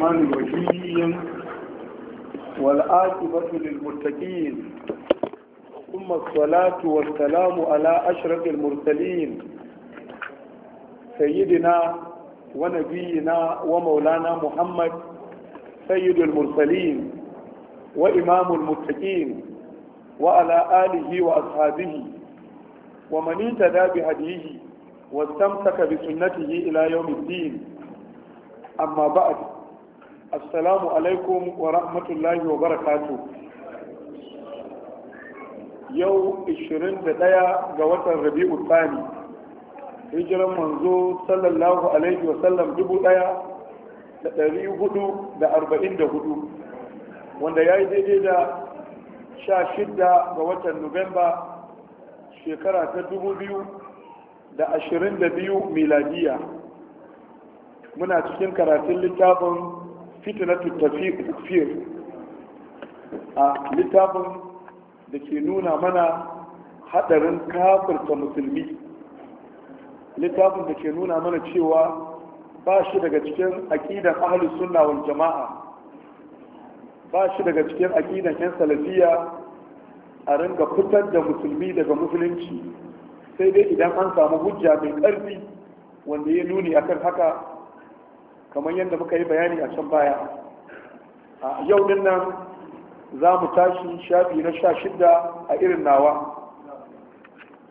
الرحمن الرحيم والآكبة للمتقين ثم الصلاة والسلام على أشرف المرسلين سيدنا ونبينا ومولانا محمد سيد المرسلين وإمام المتقين وعلى آله وأصحابه ومن اهتدى بهديه واستمسك بسنته إلى يوم الدين أما بعد assalamu alaikum wa rahmatullahi wa barakatu yau 21 ga watan rabi'u tsani hijiran manzo sallallahu alaihi wasallam dubu daya da dari hudu da arba'in da hudu wanda ya yi daidai da sha shidda ga watan nuwamba shekara ta dubu biyu da ashirin da biyu miladiya muna cikin karatun littafin fitinatu tafiyar a littafin da ke nuna mana hadarin kafirta musulmi littafin da ke nuna mana cewa ba shi daga cikin aƙidan ahalus sunna wal jama'a ba shi daga cikin aƙidan yan salafiya a ringa fitar da musulmi daga musulunci sai dai idan an samu hujja mai ƙarfi wanda ya nuni akan haka kamar yadda muka yi bayani a can baya a yau din nan za mu tashi shafi na sha shidda a irin nawa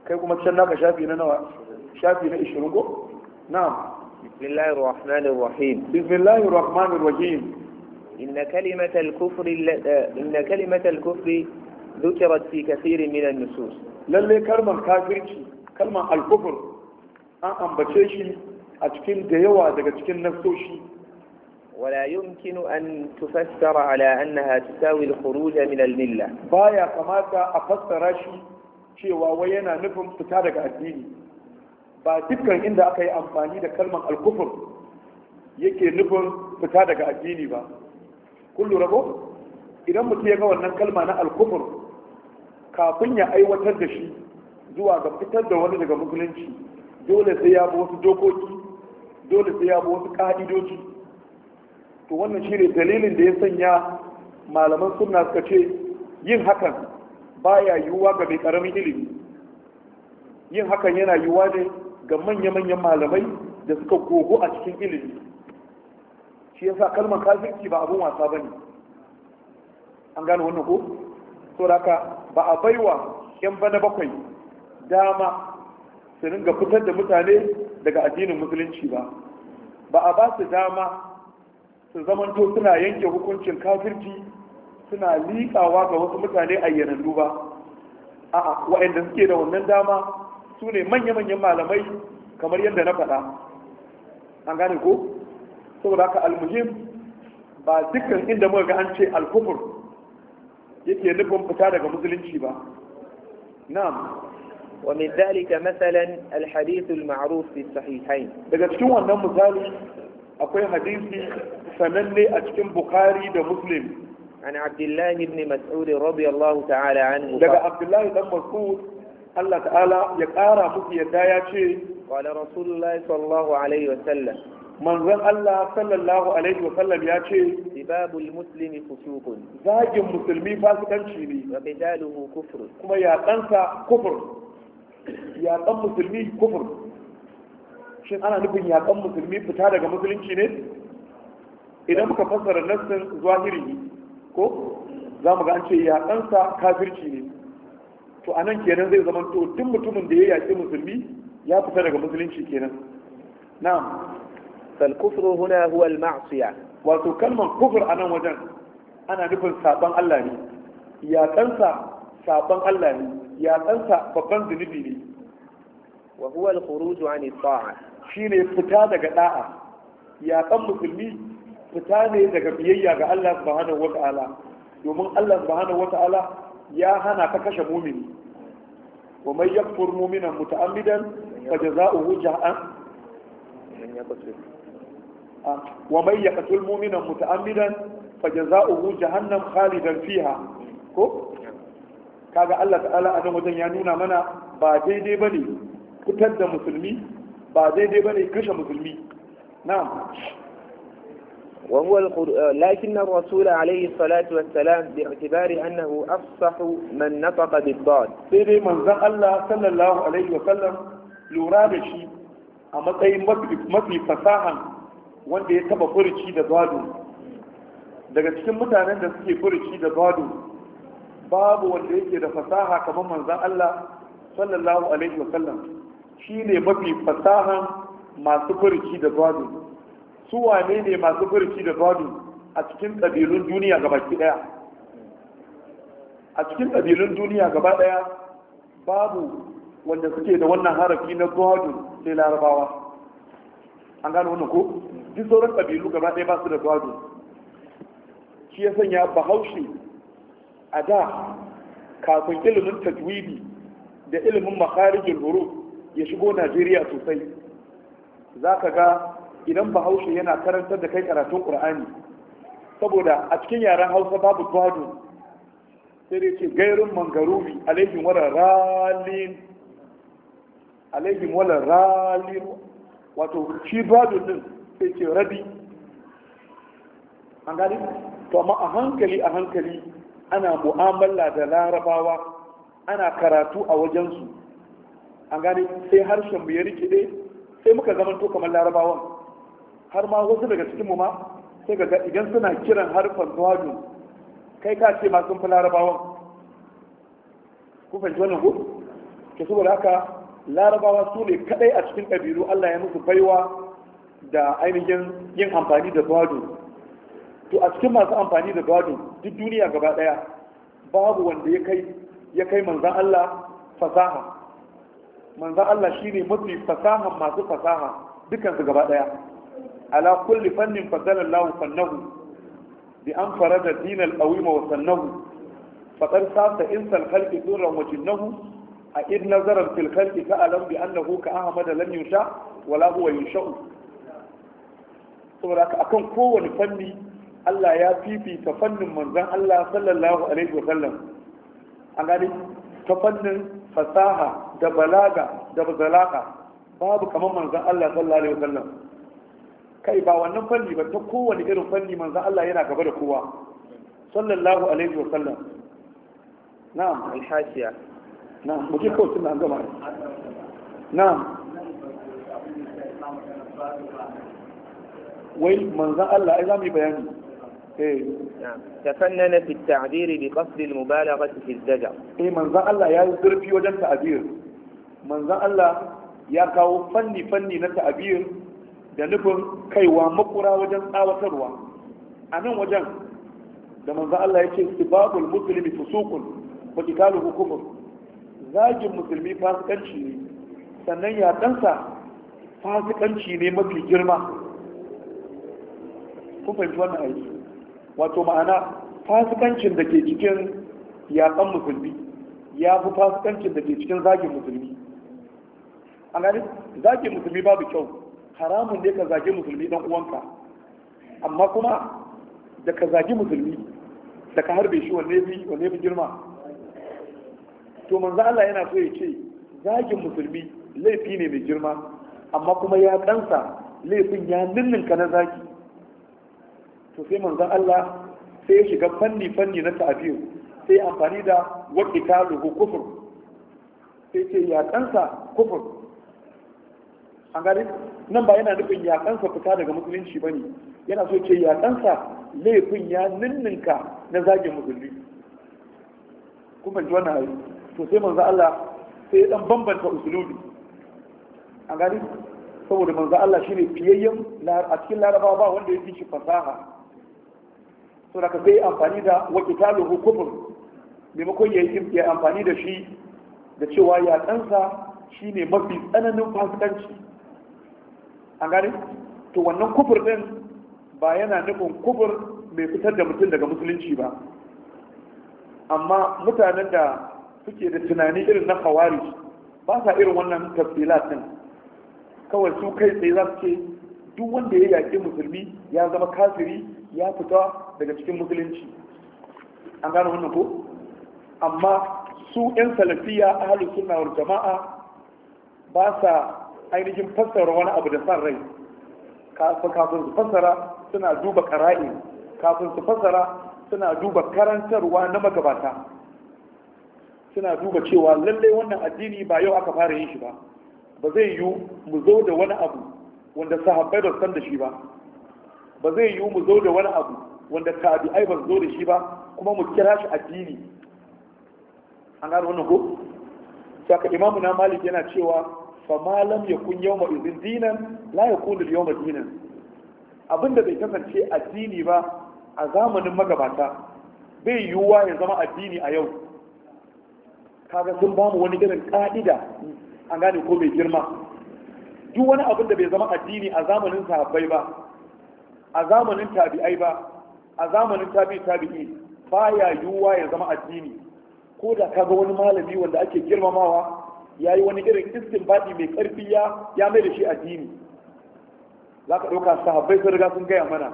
kai kuma can naka shafi na nawa shafi na ishirin go na'am بسم الله الرحمن الرحيم إن كلمة الكفر إن كلمة الكفر ذكرت في كثير من النصوص للي كلمة كافرتي كلمة الكفر an ambace shi a cikin da yawa daga cikin nasoshi ولا يمكن أن تفسر على أنها Ba ya kamata a fassara shi cewa wai yana nufin fita daga addini, ba dukkan inda aka yi amfani da kalmar alkufur yake nufin fita daga addini ba kullu rabo idan mutum ya ga wannan kalma na alkufur kafin ya aiwatar da shi zuwa ga fitar da wani daga musulunci dole sai ya bi wasu dokoki dole sai ya bi wasu ka'idoji to wannan ne dalilin da ya sanya malaman suna suka ce yin hakan baya yiwuwa ga mai karamin ilimi yin hakan yana yiwuwa ne ga manya-manyan malamai da suka gogo a cikin ilimi shi ya sa kalmar kafirci ba abin wasa ba ne. an gane wannan ko to haka ba a baiwa yan bana bakwai dama su ringa fitar da mutane daga addinin musulunci ba ba a ba su dama su zamanto suna yanke hukuncin kafirci suna liƙawa ga wasu mutane ayyanannu ba a'a waɗanda suke da wannan dama su ne manya-manyan malamai kamar yadda na faɗa an gane ko saboda haka almuhim ba dukkan inda muka ga an ce alkufur yake nufin fita daga musulunci ba na'am ومن ذلك مثلا الحديث المعروف في الصحيحين daga cikin wannan misali akwai hadisi sananne a cikin bukhari da muslim عن عبد الله بن مسعود رضي الله تعالى عنه daga عبد الله بن مسعود Allah ta'ala ya ƙara muku yadda ya ce qala rasulullahi sallallahu alaihi wa sallam manzon Allah sallallahu alaihi wa sallam ya ce sibabul muslimi fusuqun zagin musulmi fasikanci ne wa qidaluhu kufr kuma ya kansa kufur. yaƙan musulmi kufur shin ana nufin yaƙan musulmi fita daga musulunci ne idan muka fassara nassin zahiri ko za mu ga an ce yaƙansa kafirci ne to a nan kenan zai zama to duk mutumin da ya yaƙi musulmi ya fita daga musulunci kenan na'am huna هنا al المعصية wato kalmar kufur a nan wajen ana nufin saban Allah ne ya kansa saban Allah ne ya babban zunubi ne wa huwa al-khuruj an ta'a shine fita daga da'a ya musulmi fita ne daga biyayya ga Allah subhanahu wa ta'ala domin Allah subhanahu wa ta'ala ya hana ka kashe mumini wa man yakfur mu'minan muta'ammidan fa jazaohu jahannam wa man yaqtul mu'minan muta'ammidan fa jazaohu jahannam khalidan fiha ko kaga Allah ta'ala a wajen ya nuna mana ba daidai bane fitar da musulmi ba daidai bane kashe musulmi na'am wa huwa lakinna rasul alayhi salatu wassalam bi i'tibari annahu afsahu man nataqa bid dad sai manzon Allah sallallahu alaihi wa sallam lura da shi a matsayin mafi fasahan wanda ya taɓa furuci da dadu daga cikin mutanen da suke furuci da dadu babu wanda yake da fasaha kamar manzan Allah sallallahu alaihi wasallam shi ne mafi fasahan masu furci da gado su wane ne masu furci da gado a cikin ƙabilun duniya gaba ɗaya a cikin ƙabilun duniya gaba ɗaya babu wanda suke da wannan harafi na gado sai larabawa an gano wannan ko duk sauran ƙabilu gaba ɗaya ba su da gado shi ya sanya bahaushe a da kafin ilimin tajwidi da ilimin makarijin huruf ya shigo najeriya sosai za ka ga idan bahaushe yana karantar da kai karatun ƙur'ani saboda a cikin yaren hausa babu gwado sai dai ce gairin mangarubi alaikin wala ralin alaikin wala ralin wato shi gwado din sai ce rabi an gani to amma a hankali a hankali ana mu'amala da larabawa ana karatu a wajensu an gane sai harshen mu ya ɗaya, sai muka zama to kamar larabawan har ma wasu daga cikin mu ma sai ga idan suna kiran harfan tawadu kai ka ce ma sun fi larabawan ku fahimci wannan ku ke saboda haka larabawa su ne kadai a cikin ƙabilu Allah ya musu baiwa da ainihin yin amfani da tawadu to a cikin masu amfani da gado duk duniya gaba daya babu wanda ya kai ya kai manzan Allah fasaha manzan Allah shine mafi fasaha masu fasaha su gaba daya ala kulli fannin fadala Allah fannahu bi an farada dinal qawima wa sannahu faqad sata insal khalqi durran wa jinnahu a id nazara fil khalqi ka alam bi annahu ka ahmada lam yusha wala huwa yusha saboda akan kowane fanni Allah ya fifita fannin manzon Allah sallallahu alaihi wasallam a gani ta fannin fasaha da balaga da bazalaka babu kamar manzon Allah sallallahu alaihi wasallam kai ba wannan fanni ba ta kowane irin fanni manzon Allah yana gaba da kowa sallallahu alaihi wasallam na'am al-hashiya na'am muke kawai tun an gama na'am wai manzan Allah ai za mu yi bayani نعم تفنن في التعبير بقصد المبالغة في الزجر إيه من ذا الله يا زرفي وجن تعبير من ذا الله يا كاو فني فني نتعبير da nufin kaiwa makura wajen tsawatarwa a nan wajen da manzan Allah ya ce sibabul muslimi fusuqun wa qitaluhu kufr zagin musulmi fasikanci ne sannan ya dansa fasikanci ne mafi girma kun fahimci wannan aiki wato ma'ana fasikancin da ke cikin yatsan musulmi ya fi fasikancin da ke cikin zagin musulmi A gani zagin musulmi babu kyau haramun ne ka zagi musulmi dan uwanka amma kuma da ka zagi musulmi da ka harbe shi wanne bi wanne bi girma to manzo Allah yana so ya ce zagin musulmi laifi ne mai girma amma kuma ya kansa laifin ya ninninka na zagi to sai manzon Allah sai ya shiga fanni fanni na ta'abiyu sai amfani da waqitaluhu kufur sai ce ya kansa kufur an gari nan ba yana nufin ya kansa fita daga musulunci bane yana so ce ya kansa laifin ya ninninka na zagin musulmi kuma ji wannan ayi to sai manzo Allah sai ya dan bambanta usulubi an gari saboda manzo Allah shine fiyayyen a cikin larabawa ba wanda ya fi shi fasaha to da sai amfani da wa qitaluhu hukumar maimakon ya yi amfani da shi da cewa ya ɗansa shine mafi tsananin fasikanci an gane to wannan kufur ɗin ba yana nufin kufur mai fitar da mutum daga musulunci ba amma mutanen da suke da tunani irin na hawari ba sa irin wannan tafsilat ɗin kawai su kai tsaye za su ce duk wanda ya yaƙi musulmi ya zama kafiri ya fita daga cikin musulunci an gano wannan ko amma su yan salafiya ahlus sunna wal jama'a ba sa ainihin fassara wani abu da san rai kafin su fassara suna duba kara'i kafin su fassara suna duba karantarwa na magabata suna duba cewa lallai wannan addini ba yau aka fara yin shi ba ba zai yiwu mu zo da wani abu wanda sahabbai da san da shi ba ba zai yiwu mu zo da wani abu wanda tabi'ai ba zo da shi ba kuma mu kira shi addini an gano wannan ko saka imamu na malik yana cewa fa malam yakun yawma idin dinan la yakun al yawma dinan abinda bai kasance addini ba a zamanin magabata bai yiwuwa ya zama addini a yau kaga sun ba mu wani irin ka'ida an gane ko bai girma duk wani abin da bai zama addini a zamanin sahabbai ba a zamanin tabi'ai ba a zamanin tabi tabi'i baya yiwuwa ya zama addini ko da kaga wani malami wanda ake girmamawa ya yi wani irin istinbadi mai karfi ya ya mai da shi addini za ka ɗauka sahabbai sun riga sun gaya mana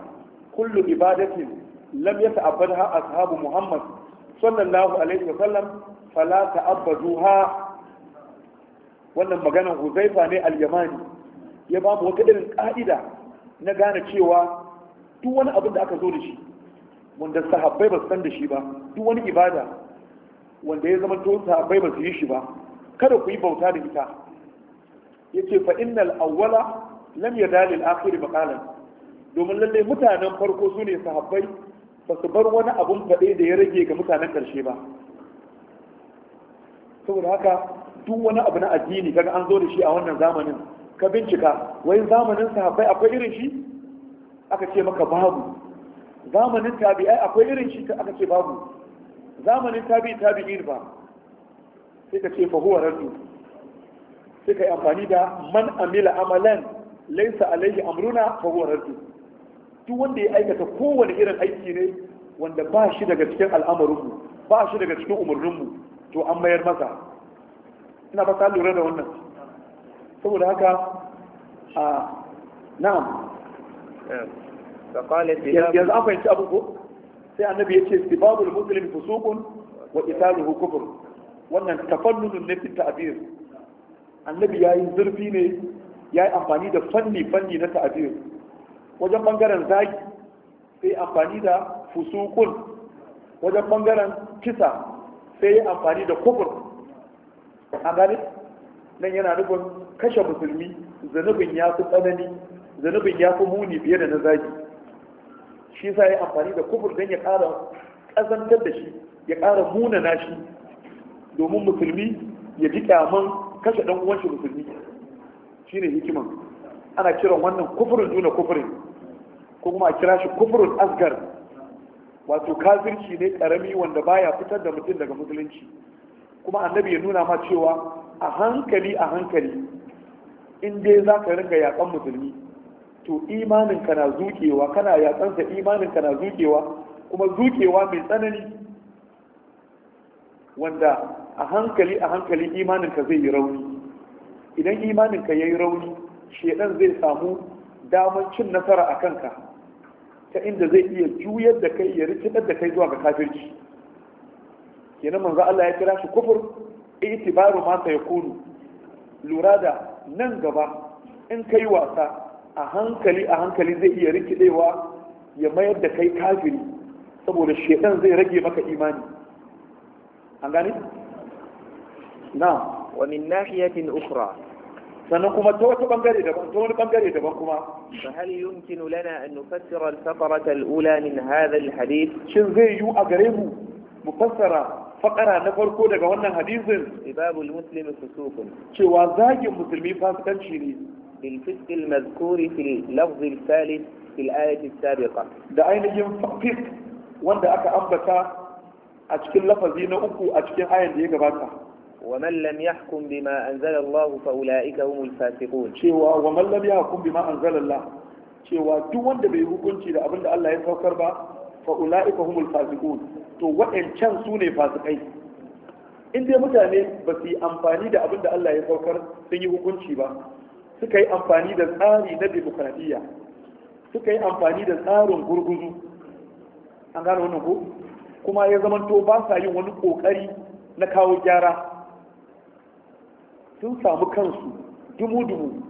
kullu ibadatin lam ya ta'abbadha ashabu muhammad sallallahu alaihi wa sallam fala ta'abbaduha wannan maganar huzaifa ne al-yamani ya ba mu wata irin ka'ida na gane cewa duk wani abin da aka zo da shi wanda sahabbai ba san da shi ba duk wani ibada wanda ya zama to sahabbai ba su yi shi ba kada ku yi bauta da ita yace fa innal awwala lam yadal al akhir maqalan domin lalle mutanen farko su ne sahabbai ba su bar wani abun faɗe da ya rage ga mutanen ƙarshe ba saboda haka duk wani abu na addini kaga an zo da shi a wannan zamanin ka bincika wai zamanin sahabbai akwai irin shi aka ce maka babu zamanin ai akwai irin shi ta aka ce babu zamanin tabi ne ba sai ka ce fahuwa rasu sai ka yi amfani da man amila amalan laisa alaihi amruna fahuwa rasu duk wanda ya aikata kowane irin aiki ne wanda ba shi daga cikin al'amarinmu ba shi daga cikin umarninmu to an mayar masa ina ba ta lura da wannan saboda haka a na'am eh. yanzu an fahimci abin ko sai annabi ya ce istibabul muslim fusuqun wa qitaluhu kufur. wannan tafannunun na fi ta'bir annabi ya yi zurfi ne ya yi amfani da fanni fanni na ta'bir wajen bangaren zagi sai amfani da fusuqun wajen bangaren kisa sai yi amfani da kufur A gane nan yana nufin kashe musulmi zanubin ya fi tsanani zanubin ya fi muni fiye da na zagi. shi sa yi amfani da kufur don ya ƙara ƙazantar da shi ya ƙara munana shi domin musulmi ya ji kyaman kashe ɗan uwanshi musulmi shi ne hikiman ana kiran wannan kufurin nuna kufurin ko kuma a kira shi kufurin asgar wato kafirci ne ƙarami wanda baya fitar da mutum daga musulunci kuma annabi ya nuna ma cewa a hankali a hankali in dai za ka ringa yaƙan musulmi to imanin ka na zuƙewa kana yatsansa imanin ka na zuƙewa kuma zuƙewa mai tsanani wanda a hankali a hankali imaninka zai yi rauni idan imaninka ka yi rauni shedan zai samu damar cin nasara a kanka ta inda zai iya juyar da kai ya rikidar da kai zuwa ga kafirci kenan manzo Allah ya kira shi kufur itibaru ma sayakunu lura da nan gaba in kai wasa a hankali a hankali zai iya rikidewa ya mayar da kai kafiri saboda shedan zai rage maka imani an gani? na wa min nahiyatin ukhra sannan kuma ta wata bangare daban ta wani bangare daban kuma fa hal yumkinu lana an nufassira al-faqrata al-ula min hadha al-hadith shin zai yu a gare mu mu fassara fakara na farko daga wannan hadisin ibabul muslim fusukun cewa zagin musulmi fasikanci ne بالفسق المذكور في اللفظ الثالث في الآية السابقة ده أين ينفق wanda aka ambata a cikin lafazi na uku a cikin ayan da ya gabata ومن لم يحكم بما أنزل الله فأولئك هم الفاسقون شيوا ومن لم يحكم بما أنزل الله شيوا duk wanda bai hukunci da abin da Allah ya ba فأولئك هم الفاسقون to wa'ancan su ne fasikai in dai mutane ba su yi amfani da abinda Allah ya saukar sun yi hukunci ba suka yi amfani da tsari na demokradiyya suka yi amfani da tsarin gurguzu an gane wannan ko kuma ya zamanto ba sa yin wani kokari na kawo gyara sun samu kansu dumu-dumu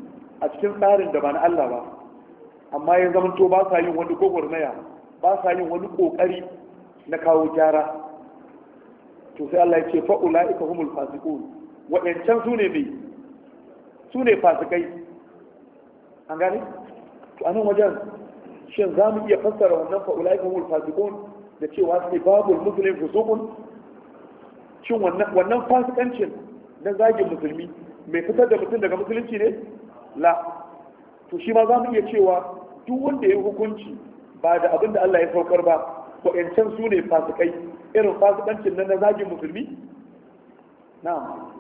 a cikin tsarin da ba na Allah ba amma ya zamanto ba sa yin wani gwagwarmaya ba sa yin wani kokari na kawo gyara to sai Allah ya ce fa'ula ika humul fasikun waɗancan su ne mai su ne fasikai an gane to anan wajen shin za mu iya fassara wannan fa ulai wul fasikun da cewa sai babul musulun fusukun shin wannan fasikancin na zagin musulmi mai fitar da mutum daga musulunci ne la to shi ma za mu iya cewa duk wanda ya yi hukunci ba da abin da Allah ya saukar ba wa'ancan su ne fasikai irin fasikancin na zagin musulmi na'am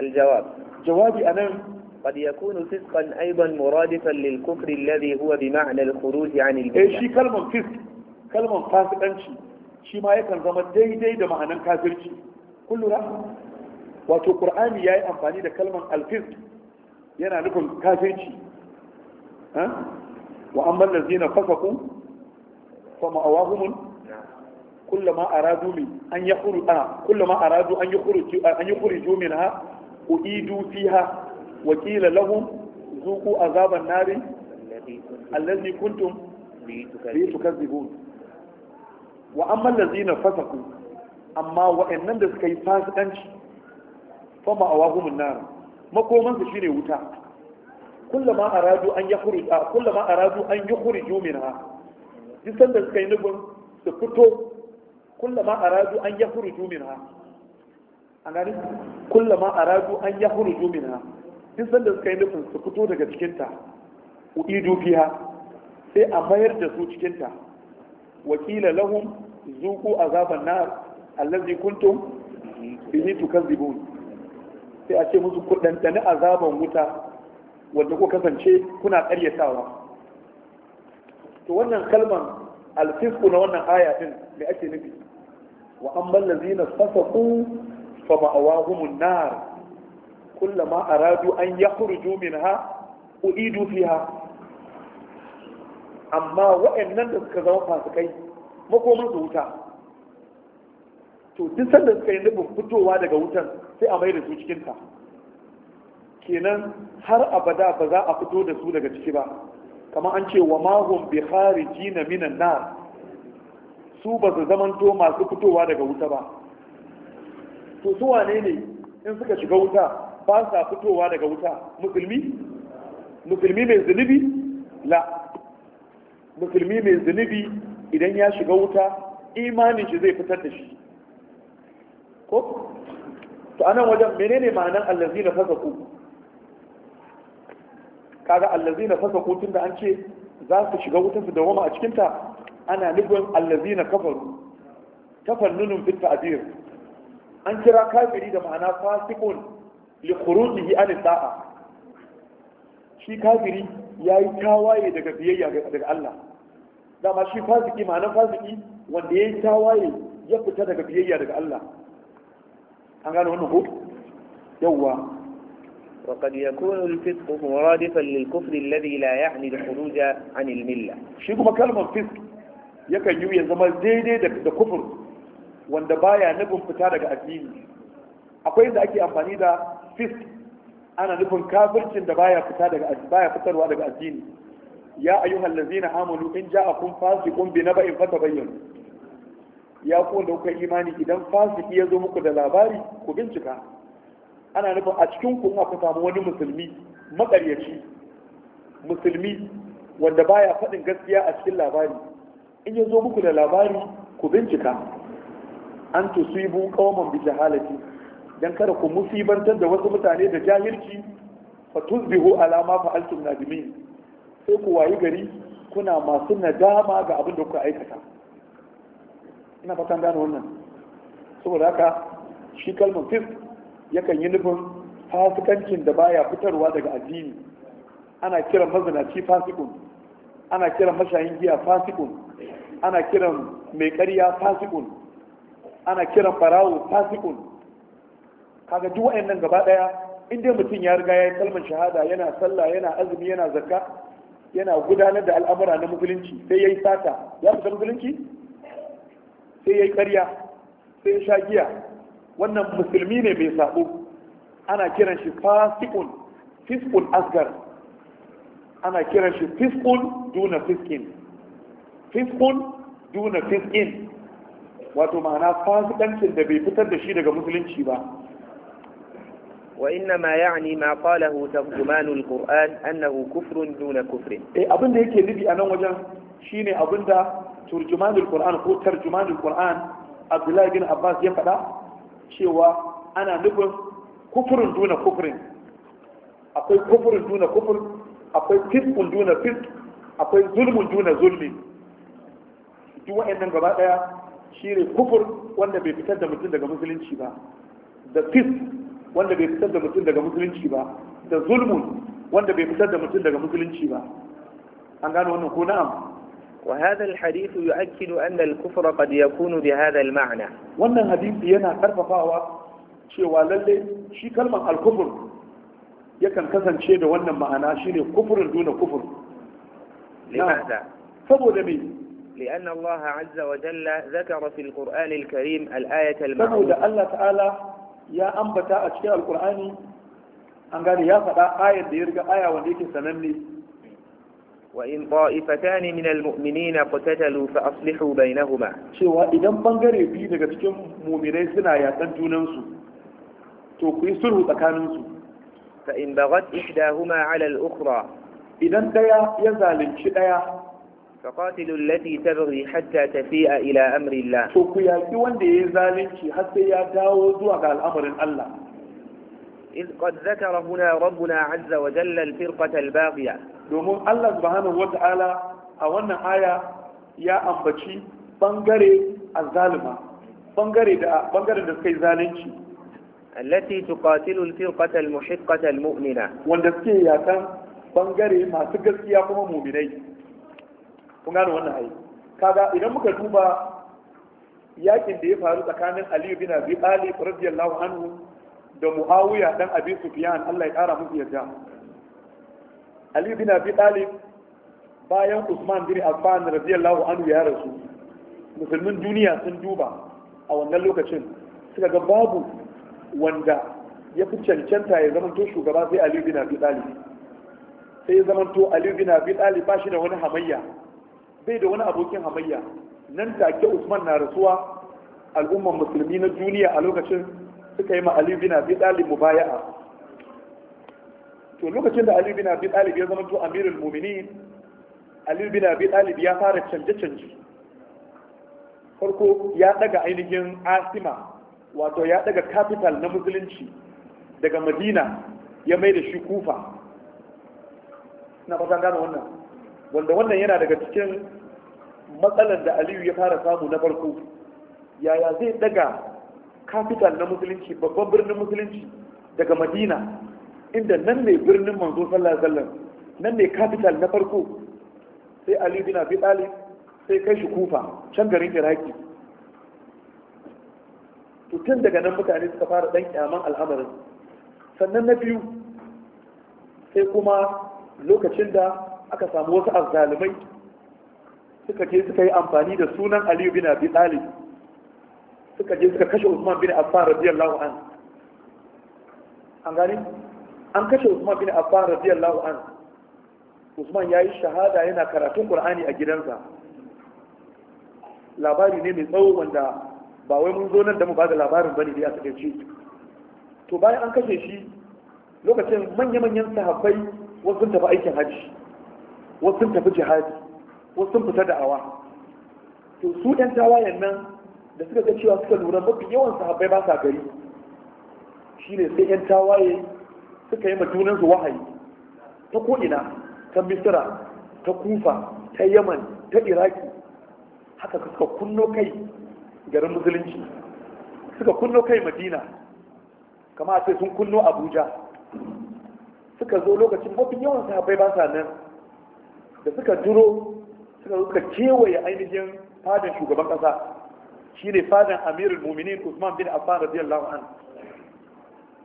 aljawab jawabi anan قد يكون فسقا أيضا مرادفا للكفر الذي هو بمعنى الخروج عن البدع إيه شي كلمة فسق كلمة فاسق أنشي شي ما يكن زمان دي دي ده معنى كافرشي كل رأى واتو قرآن ياي أمفاني ده كلمة الفسق ينا لكم كافرشي ها وأما الذين فسقوا فمأواهم كلما أرادوا من أن يخرجوا آه. كلما أرادوا أن يخرجوا أن يخرجوا منها أعيدوا فيها وقيل لهم ذوقوا عذاب النار الذي كنتم به تكذبون وأما الذين فسقوا أما وإنن da suka yi fasikanci fama a wahumin nan makomansu shine wuta kullama aradu an yi nufin su fito aradu an yakhruju minha an gani aradu an duk sanda suka yi nufin su fito daga cikinta uidu fiha sai a mayar da su cikinta wakila lahum zuku zaben na allazi kuntum bihi tukazzibun sai a ce musu kudantani a azaban wuta wanda ku kasance kuna karyatawa to wannan kalman alfisku na wannan aya din me ake nufi wa amman lazina fasaqu fa ma'awahumun nar kullama aradu an yakhruju minha uidu fiha amma waɗannan da suka zama fasikai makomin su wuta to duk sanda suka yi nufin fitowa daga wutan sai a mai da su cikin ta kenan har abada ba za a fito da su daga ciki ba kamar an ce wa mahum bi kharijina minan nar su ba su zamanto masu fitowa daga wuta ba to su wane ne in suka shiga wuta ba sa fitowa daga wuta musulmi musulmi mai zunubi la musulmi mai zunubi idan ya shiga wuta imanin shi zai fitar da shi ko to anan wajen menene ma'anar allazi na fasaku kaga allazi na fasaku tun da an ce za su shiga wutan su dawama a cikinta ana nufin allazi na kafaru tafannunun fit ta'dir an kira kafiri da ma'ana fasikun li khurujihi an sa'a shi kafiri yayi tawaye daga biyayya daga Allah dama shi fasiki ma'ana fasiki wanda yayi tawaye ya fita daga biyayya daga Allah an gano wannan ko yawwa وقد يكون الفسق مرادفا للكفر الذي لا يعني الخروج عن الملة شي kuma kalmar Fisq yakan yi ya zama daidai da kufur wanda baya nufin fita daga addini akwai inda ake amfani da fisk ana nufin kafircin da baya fita daga baya fitarwa daga addini ya ayyuhal ladzina amanu in ja'akum fasiqun bi naba'in fatabayyan ya ku da kuka imani idan fasiki ya zo muku da labari ku bincika ana nufin a cikin ku in aka samu wani musulmi makaryaci musulmi wanda baya faɗin gaskiya a cikin labari in ya zo muku da labari ku bincika an tusibu qauman bi jahalati dan kada ku musibantar da wasu mutane da jahilci fa tuzbihu ala ma fa'altum nadimin sai ku wayi gari kuna masu nadama ga abin da kuka aikata ina fatan gane wannan saboda haka shi kalmar fis yakan yi nufin fasikancin da baya fitarwa daga addini ana kiran mazinaci fasikun ana kiran mashayin giya fasikun ana kiran mai ƙarya fasikun ana kiran farawo fasikun kaga duk wayannan gaba daya in dai mutum ya riga ya yi kalmar shahada yana sallah yana azumi yana zakka yana gudanar da al'amura na musulunci sai yayi sata ya fita musulunci sai yayi ƙarya sai ya sha giya wannan musulmi ne mai sabo ana kiran shi fasiqun fiskun asgar ana kiran shi fiskun duna fiskin fiskun duna fiskin wato ma'ana fasikancin da bai fitar da shi daga musulunci ba وإنما يعني ما قاله ترجمان القرآن أنه كفر دون كفر إيه أبن ده يكي لبي أنا وجه شيني أبن ده ترجمان القرآن هو ترجمان القرآن عبد الله بن عباس يفعل شيوا أنا نقول كفر دون كفر أقول كفر دون كفر أقول فسق دون فسق أقول ظلم دون ظلم duk nan gaba ɗaya shi ne kufur wanda bai fitar da mutum daga musulunci ba da fis wanda bai fitar da mutum daga musulunci ba da zulmun wanda bai fitar da mutum daga musulunci ba an gano wannan ko na'am وهذا الحديث يؤكد أن الكفر قد يكون بهذا المعنى وأن الحديث ينا كرفة فاوة شوى للي شي كلمة الكفر يكن كثن شيء وأن معنى شيء كفر دون كفر لماذا؟ فبو دمي لأن الله عز وجل ذكر في القرآن الكريم الآية المعروفة فبو الله تعالى ya ambata a cikin alkur'ani an gane ya faɗa ayar da ya riga aya wanda yake sananne wa in ta'ifatan min almu'minin qatatalu fa aslihu bainahuma cewa idan bangare biyu daga cikin mu'minai suna yatsan junan su to ku yi sulhu tsakanin su fa in baghat ihdahuma ala al-ukhra idan daya ya zalunci daya فقاتلوا التي تبغي حتى تفيء إلى أمر الله ku yaki wanda ya zalunci har sai ya dawo zuwa ga al'amarin Allah إذ قد ذكر هنا ربنا عز وجل الفرقة الباغية domin Allah subhanahu wata'ala wannan aya ya ambaci bangare azzalima bangare da bangaren da suka zalunci التي تقاتل الفرقة المحقة المؤمنة wanda suke yakan bangare masu gaskiya kuma mu'minai kun gane wannan ayi kaga idan muka duba yakin da ya faru tsakanin Aliyu bin Abi Talib radiyallahu anhu da Muawiya dan Abi Sufyan Allah ya kara musu yarda Aliyu bin Abi Talib bayan Usman bin Affan radiyallahu anhu ya rasu musulmin duniya sun duba a wannan lokacin suka ga babu wanda ya fi cancanta ya zamanto shugaba sai Aliyu bin Abi Talib sai ya zamanto Aliyu bin Abi Talib ba shi da wani hamayya bai da wani abokin hamayya nan take usman na rasuwa al'umman musulmi na duniya a lokacin suka yi ma ali bin abi talib mubaya'a to lokacin da ali bin abi talib ya zama to amirul mu'minin ali bin abi talib ya fara canje canje farko ya daga ainihin asima wato ya daga capital na musulunci daga madina ya mai da shi kufa na fatan gano wannan wanda wannan yana daga cikin matsalar da aliyu ya fara samu na farko yaya zai daga kafital na musulunci babban birnin musulunci daga madina inda nan ne birnin manzo sallallahu alaihi wasallam nan ne kafital na farko sai aliyu bin abi talib sai kai shi kufa can garin iraki to tun daga nan mutane suka fara dan kyaman al'amarin sannan na biyu sai kuma lokacin da aka samu wasu azalimai. suka je suka yi amfani da sunan aliyu bin abi talib suka je suka kashe usman bin affan radiyallahu an an gani an kashe usman bin affan radiyallahu an usman ya yi shahada yana karatun qur'ani a gidansa labari ne mai tsawo wanda ba wai mun zo nan da mu ba da labarin bane dai a takaice to bayan an kashe shi lokacin manya-manyan sahabbai wasu sun tafi aikin hajji wasu sun tafi jihadi wasu sun fita da'awa to su ɗan tawayen nan da suka ga cewa suka lura mafi yawan sahabbai ba sa gari shine sai yan tawaye suka yi junansu wahayi ta ko'ina ta misira ta kufa ta yaman ta iraki haka suka kunno kai garin musulunci suka kunno kai madina kama sai sun kunno abuja suka zo lokacin mafi yawan sahabbai ba sa nan da suka duro suka suka kewaye ainihin fadan shugaban kasa shine fadan amirul mu'minin Usman bin Affan radiyallahu anhu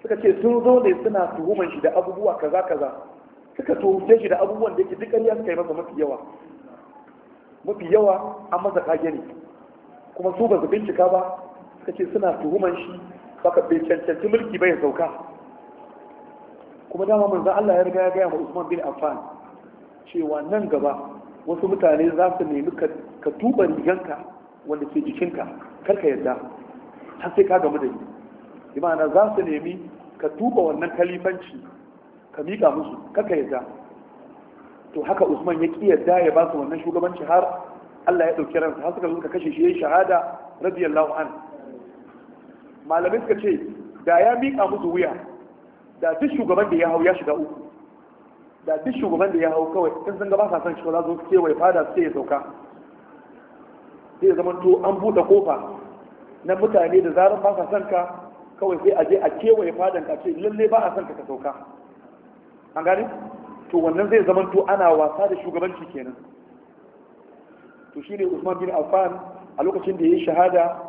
suka ce sun zo ne suna tuhuman shi da abubuwa kaza kaza suka tuhumce shi da abubuwan da yake duk ƙarya suka yi masa mafi yawa mafi yawa an masa kage ne kuma su ba su bincika ba suka ce suna tuhuman shi baka bai cancanci mulki bai sauka kuma dama manzo Allah ya riga ya gaya ma Usman bin Affan cewa nan gaba wasu mutane za su nemi ka tuba riganka wanda ke jikinka kar ka yarda har sai ka gamu da ni imana za su nemi ka tuba wannan kalifanci ka miƙa musu kar ka to haka usman ya ƙi yadda ya ba su wannan shugabanci har Allah ya ɗauki ransa har suka suka kashe shi ya yi shahada radiyallahu an malamai suka ce da ya miƙa musu wuya da duk shugaban da ya hau ya shiga uku da duk shugaban da ya hau kawai in sun gaba san shi za su kewaye fada su ya sauka sai ya zamanto an buɗe kofa na mutane da zarar ba sa ka kawai sai a je a kewaye fadan ka ce lalle ba a son ka ka sauka an gane to wannan zai zamanto ana wasa da shugabanci kenan to shine Usman bin Affan a lokacin da ya yi shahada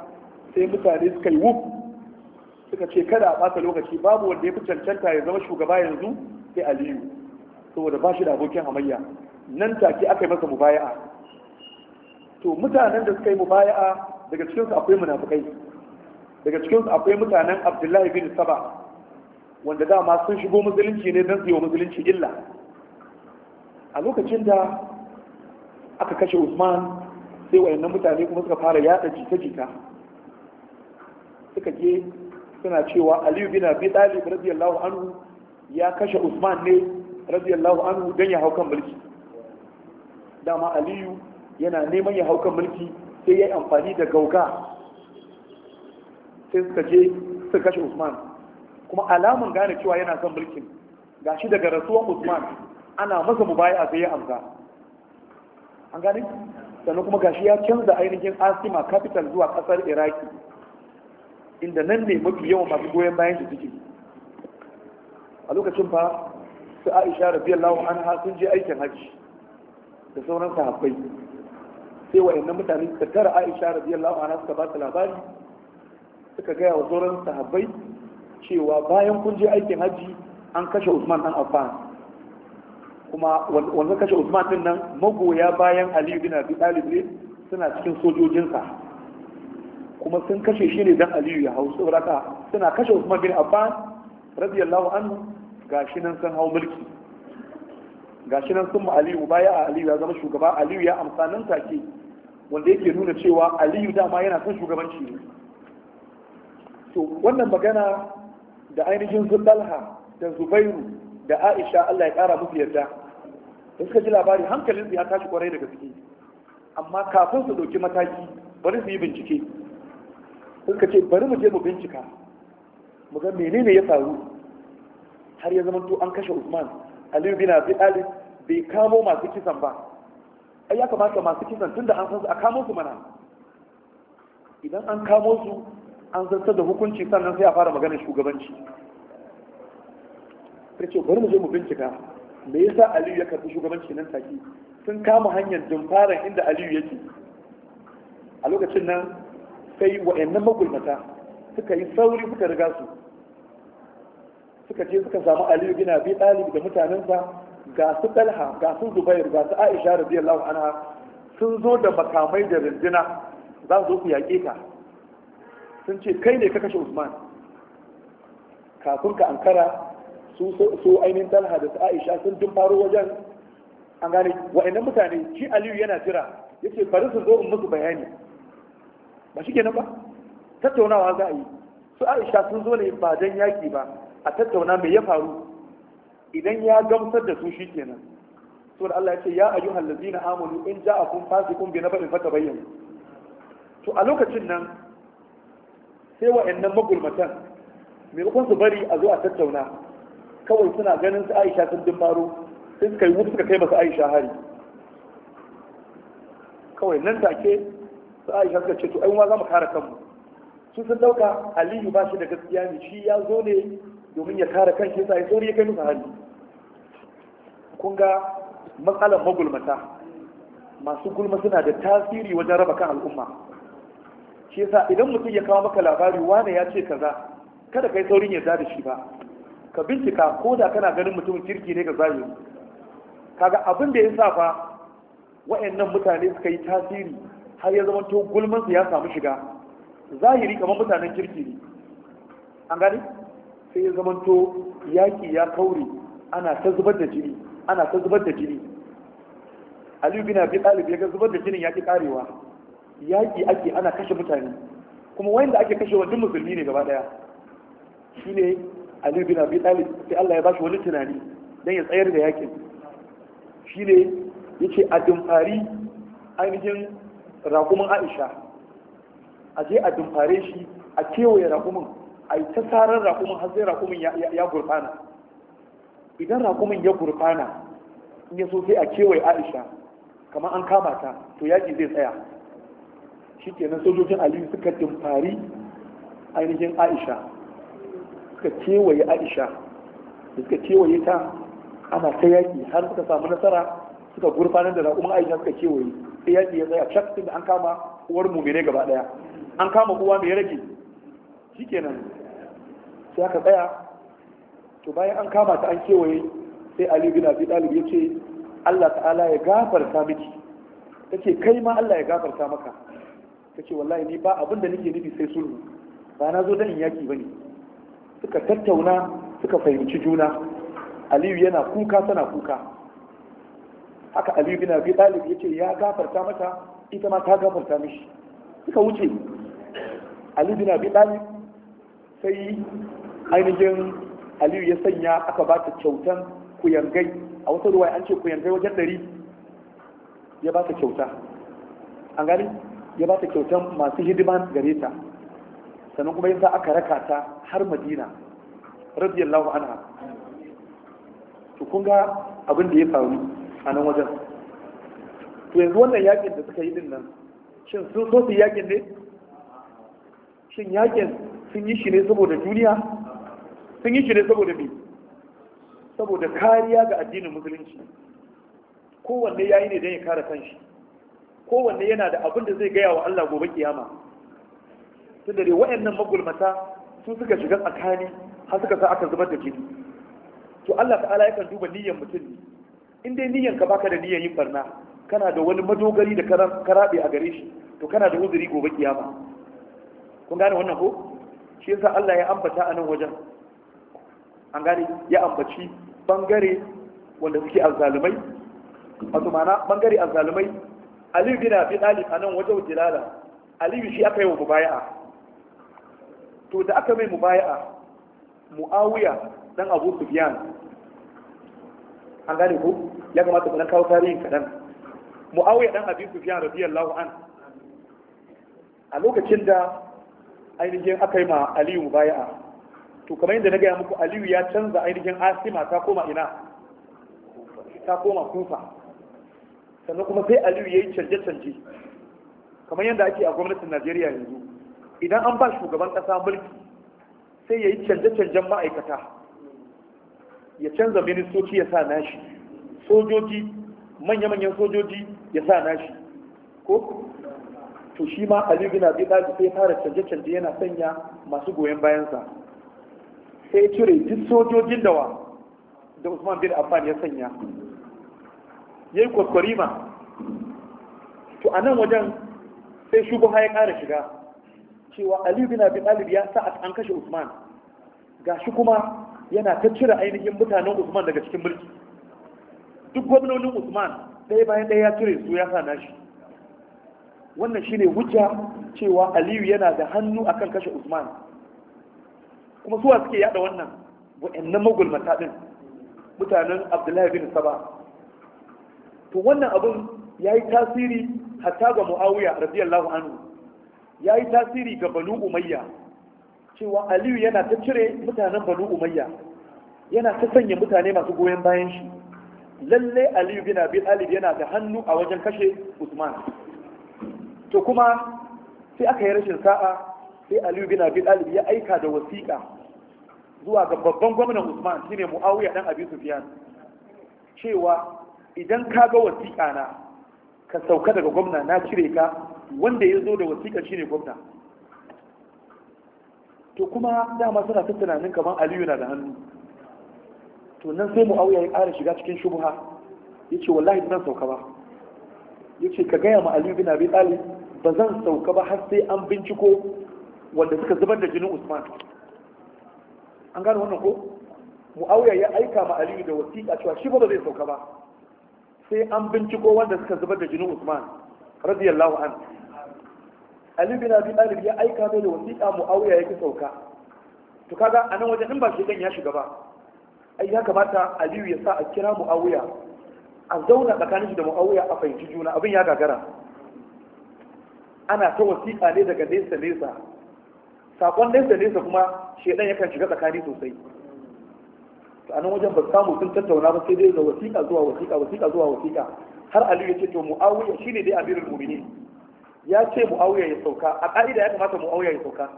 sai mutane suka yi wuf suka ce kada a ɓata lokaci babu wanda ya fi cancanta ya zama shugaba yanzu sai Aliyu saboda ba shi da abokin hamayya nan take aka yi masa mubaya'a to mutanen da suka yi mubaya'a daga cikinsu akwai munafukai daga cikinsu akwai mutanen abdullahi bin saba wanda dama sun shigo musulunci ne don su yi musulunci illa a lokacin da aka kashe usman sai wayannan mutane kuma suka fara yada jita-jita suka je suna cewa aliyu bin abi talib radiyallahu anhu ya kashe usman ne radiyallahu anhu dan ya hau kan mulki dama aliyu yana neman ya hau kan mulki sai ya yi amfani da Gauka. sai suka je suka kashe usman kuma alamun gane cewa yana son mulkin gashi daga rasuwan usman ana masa mubaya sai ya amsa an gane sannan kuma gashi ya canza ainihin asima capital zuwa kasar iraki inda nan ne mafi yawan masu goyon bayan da suke a lokacin fa su aisha radiyallahu anha sun je aikin hajji da sauran sahabbai sai wa'annan mutane suka tara aisha radiyallahu anha suka ba ta labari suka gaya wa sauran sahabbai cewa bayan kun je aikin hajji an kashe usman dan affan kuma wanda kashe usman din nan magoya bayan aliyu bin abi talib ne suna cikin sojojinsa kuma sun kashe shi ne dan aliyu ya hau saboda suna kashe usman bin affan radiyallahu anhu gashi nan sun hau mulki gashi nan sun aliyu baya a aliyu ya zama shugaba aliyu ya amsa nan take wanda yake nuna cewa aliyu dama yana son shugabanci ne to wannan magana da ainihin Zulalha da zubairu da aisha allah ya kara musu yarda da suka ji labari hankalinsu ya tashi kwarai da gaske amma kafin su ɗauki mataki bari su yi bincike suka ce bari mu je mu bincika mu ga menene ya faru har ya zama to an kashe usman aliyu bin abi ali bai kamo masu kisan ba ai ya kamata masu kisan tunda an san su a kamo su mana idan an kamo su an zartar da hukunci sannan sai a fara maganar shugabanci sai ce bari mu je mu bincika me yasa aliyu ya karbi shugabanci nan take sun kama hanyar fara inda aliyu yake a lokacin nan sai wa'annan magulmata suka yi sauri suka riga su suka je suka samu aliyu bin abi talib da mutanensa ga su talha ga su zubair ga su aisha radiyallahu anha sun zo da makamai da rindina za su zo ku yaƙe ka sun ce kai ne ka kashe usman kafin ka ankara su ainihin talha da su aisha sun dun faro wajen an gane wa'annan mutane shi aliyu yana jira ya ce bari su zo in musu bayani ba shi kenan ba tattaunawa za a yi su aisha sun zo ne ba don yaƙi ba a tattauna mai ya faru idan ya gamsar da su shikenan da Allah ya ce ya ayyuhal na amanu in ja'akum fasiqun bi nabain bayyana, to a lokacin nan sai wa'annan magulmatan mai maimakon su bari a zo a tattauna kawai suna ganin su Aisha sun dimbaro sai suka yi wuta suka kai masu Aisha hari kawai nan take su Aisha suka ce to ai ma za mu kare kanmu su sun dauka Aliyu ba shi da gaskiya ne shi ya zo ne domin ya kare kan shi sai tsori ya kai nufa hali kun ga matsalar magulmata masu gulma suna da tasiri wajen raba kan al'umma shi yasa idan mutum ya kawo maka labari wane ya ce kaza kada kai saurin yarda da shi ba ka bincika ko da kana ganin mutumin kirki ne ga zahiri kaga abin da ya sa fa wayannan mutane suka yi tasiri har ya zama to gulman su ya samu shiga zahiri kamar mutanen kirki ne an gani sai ya zamanto yaƙi ya kauri ana ta zubar da jini ana ta zubar da jini aliyu bin abi talib ya ga zubar da jinin yaƙi karewa yaƙi ake ana kashe mutane kuma wanda ake kashe duk musulmi ne gaba ɗaya shine aliyu bin abi talib sai Allah ya bashi wani tunani dan ya tsayar da yaƙin shine yace a dumfari ainihin raƙumin Aisha a je a dumfare shi a kewaye raƙumin a ta sarar rakumin, har sai rakumin ya gurfana idan rakumin ya gurfana in ya so sai a kewaye aisha kamar an kama ta to yaƙi zai tsaya shi kenan sojojin Ali, suka dimfari ainihin aisha suka kewaye aisha da suka kewaye ta ana ta yaƙi har suka samu nasara suka gurfanar da rakumin aisha suka kewaye sai yaƙi ya tsaya cak da an kama uwar mu gaba ɗaya an kama uwa mai rage shikenan sai aka tsaya to bayan an kama ta an kewaye sai ali bin abi talib ya ce Allah ta'ala ya gafarta miki tace kai ma Allah ya gafarta maka tace wallahi ni ba abin da nake nufi sai sulhu ba na zo dan in yaki bane suka tattauna suka fahimci juna aliyu yana kuka tana kuka haka aliyu bin abi talib ce ya gafarta mata ita ma ta gafarta mishi suka wuce aliyu bin abi talib sai ainihin aliyu ya sanya aka ba ta kyautan kuyangai a wata ruwa an ce kuyangai wajen ɗari ya ba ta kyauta an gani ya ba ta kyautan masu hidiman gare ta sannan kuma yasa aka raka ta har madina radiyallahu anha to kun ga abin da ya faru a nan wajen to yanzu wannan yakin da suka yi din nan shin sun so su yakin ne shin yakin sun yi shi ne saboda duniya sun yi shi ne saboda me saboda kariya ga addinin musulunci kowanne ya yi ne don ya kare kanshi kowanne yana da abin da zai gaya wa Allah gobe kiyama tunda dai waɗannan magulmata sun suka shiga tsakani har suka sa aka zubar da jini to Allah ta'ala yakan duba niyyar mutum ne in dai niyyar ka baka da niyyar yin barna kana da wani madogari da karabe a gare shi to kana da uzuri gobe kiyama kun gane wannan ko shi yasa Allah ya ambata a nan wajen an gane ya ambaci bangare wanda suke azzalumai wato mana bangare azzalumai aliyu bin abi talib a nan wajen jilala aliyu shi aka yi wa mubaya'a to da aka mai mubaya'a muawiya dan abu sufyan an gane ko ya kamata mu dan kawo tarihin kadan muawiya dan abi sufyan radiyallahu an a lokacin da ainihin aka yi ma aliyu mubaya'a to kamar yadda na gaya muku aliyu ya canza ainihin asima ta koma ina ta koma kufa sannan kuma sai aliyu ya yi canje-canje kamar yadda ake a gwamnatin najeriya yanzu idan an ba shugaban ƙasa mulki sai ya yi canje-canjen ma'aikata ya canza ministoci ya sa nashi sojoji manya-manyan sojoji ya sa nashi ko to shi ma Ali bin Abi Talib sai fara canje-canje yana sanya masu goyon bayansa sai cire duk sojojin dawa da Usman bin Affan ya sanya yayi kokkorima to anan wajen sai Shugaba ya kara shiga cewa Ali bin Abi Talib ya sa an kashe Usman Ga shi kuma yana ta cire ainihin mutanen Usman daga cikin mulki duk gwamnonin Usman ɗaya bayan ɗaya ya cire su ya sa nashi wannan shi ne hujja cewa aliyu yana da hannu akan kashe usman kuma suwa suke yada wannan wa'annan magulmata din mutanen abdullahi bin saba to wannan abun ya yi tasiri hatta ga mu'awiya radiyallahu anhu ya yi tasiri ga banu umayya cewa aliyu yana ta cire mutanen banu umayya yana ta sanya mutane masu goyon bayan shi lalle aliyu bin abi talib yana da hannu a wajen kashe usman to kuma sai aka yi rashin sa'a sai aliyu bin abi talib ya aika da wasiƙa zuwa ga babban gwamnan usman shine muawiya dan abi sufyan cewa idan ka ga wasiƙa na ka sauka daga gwamna na cire ka wanda ya zo da wasiƙa shine gwamna to kuma dama suna ta tunanin kamar aliyu na da hannu to nan sai muawiya ya ƙara shiga cikin shubha yace wallahi ba zan sauka ba yace ka gaya ma aliyu bin abi talib ba zan sauka ba har sai an binciko wanda suka zubar da jinin usman an gano wannan ko mu'awiya ya aika ma aliyu da wasiƙa cewa shi ba zai sauka ba sai an binciko wanda suka zubar da jinin usman radiyallahu an aliyu bin abi talib ya aika mai da wasiƙa mu'awiya ya ki sauka to kaga a nan wajen in ba shi dan ya shiga ba ai ya kamata aliyu ya sa a kira mu'awiya a zauna tsakanin shi da mu'awiya a fahimci juna abin ya gagara ana ta wasiƙa ne daga nesa nesa sakon nesa nesa kuma shaidan yakan shiga tsakani sosai a nan wajen ba samu sun tattauna ba sai dai da wasiƙa zuwa wasiƙa wasiƙa zuwa wasiƙa har aliyu ya ce to mu'awiya shine dai amirul mu'minin ya ce mu'awiya ya sauka a ƙa'ida ya kamata mu'awiya ya sauka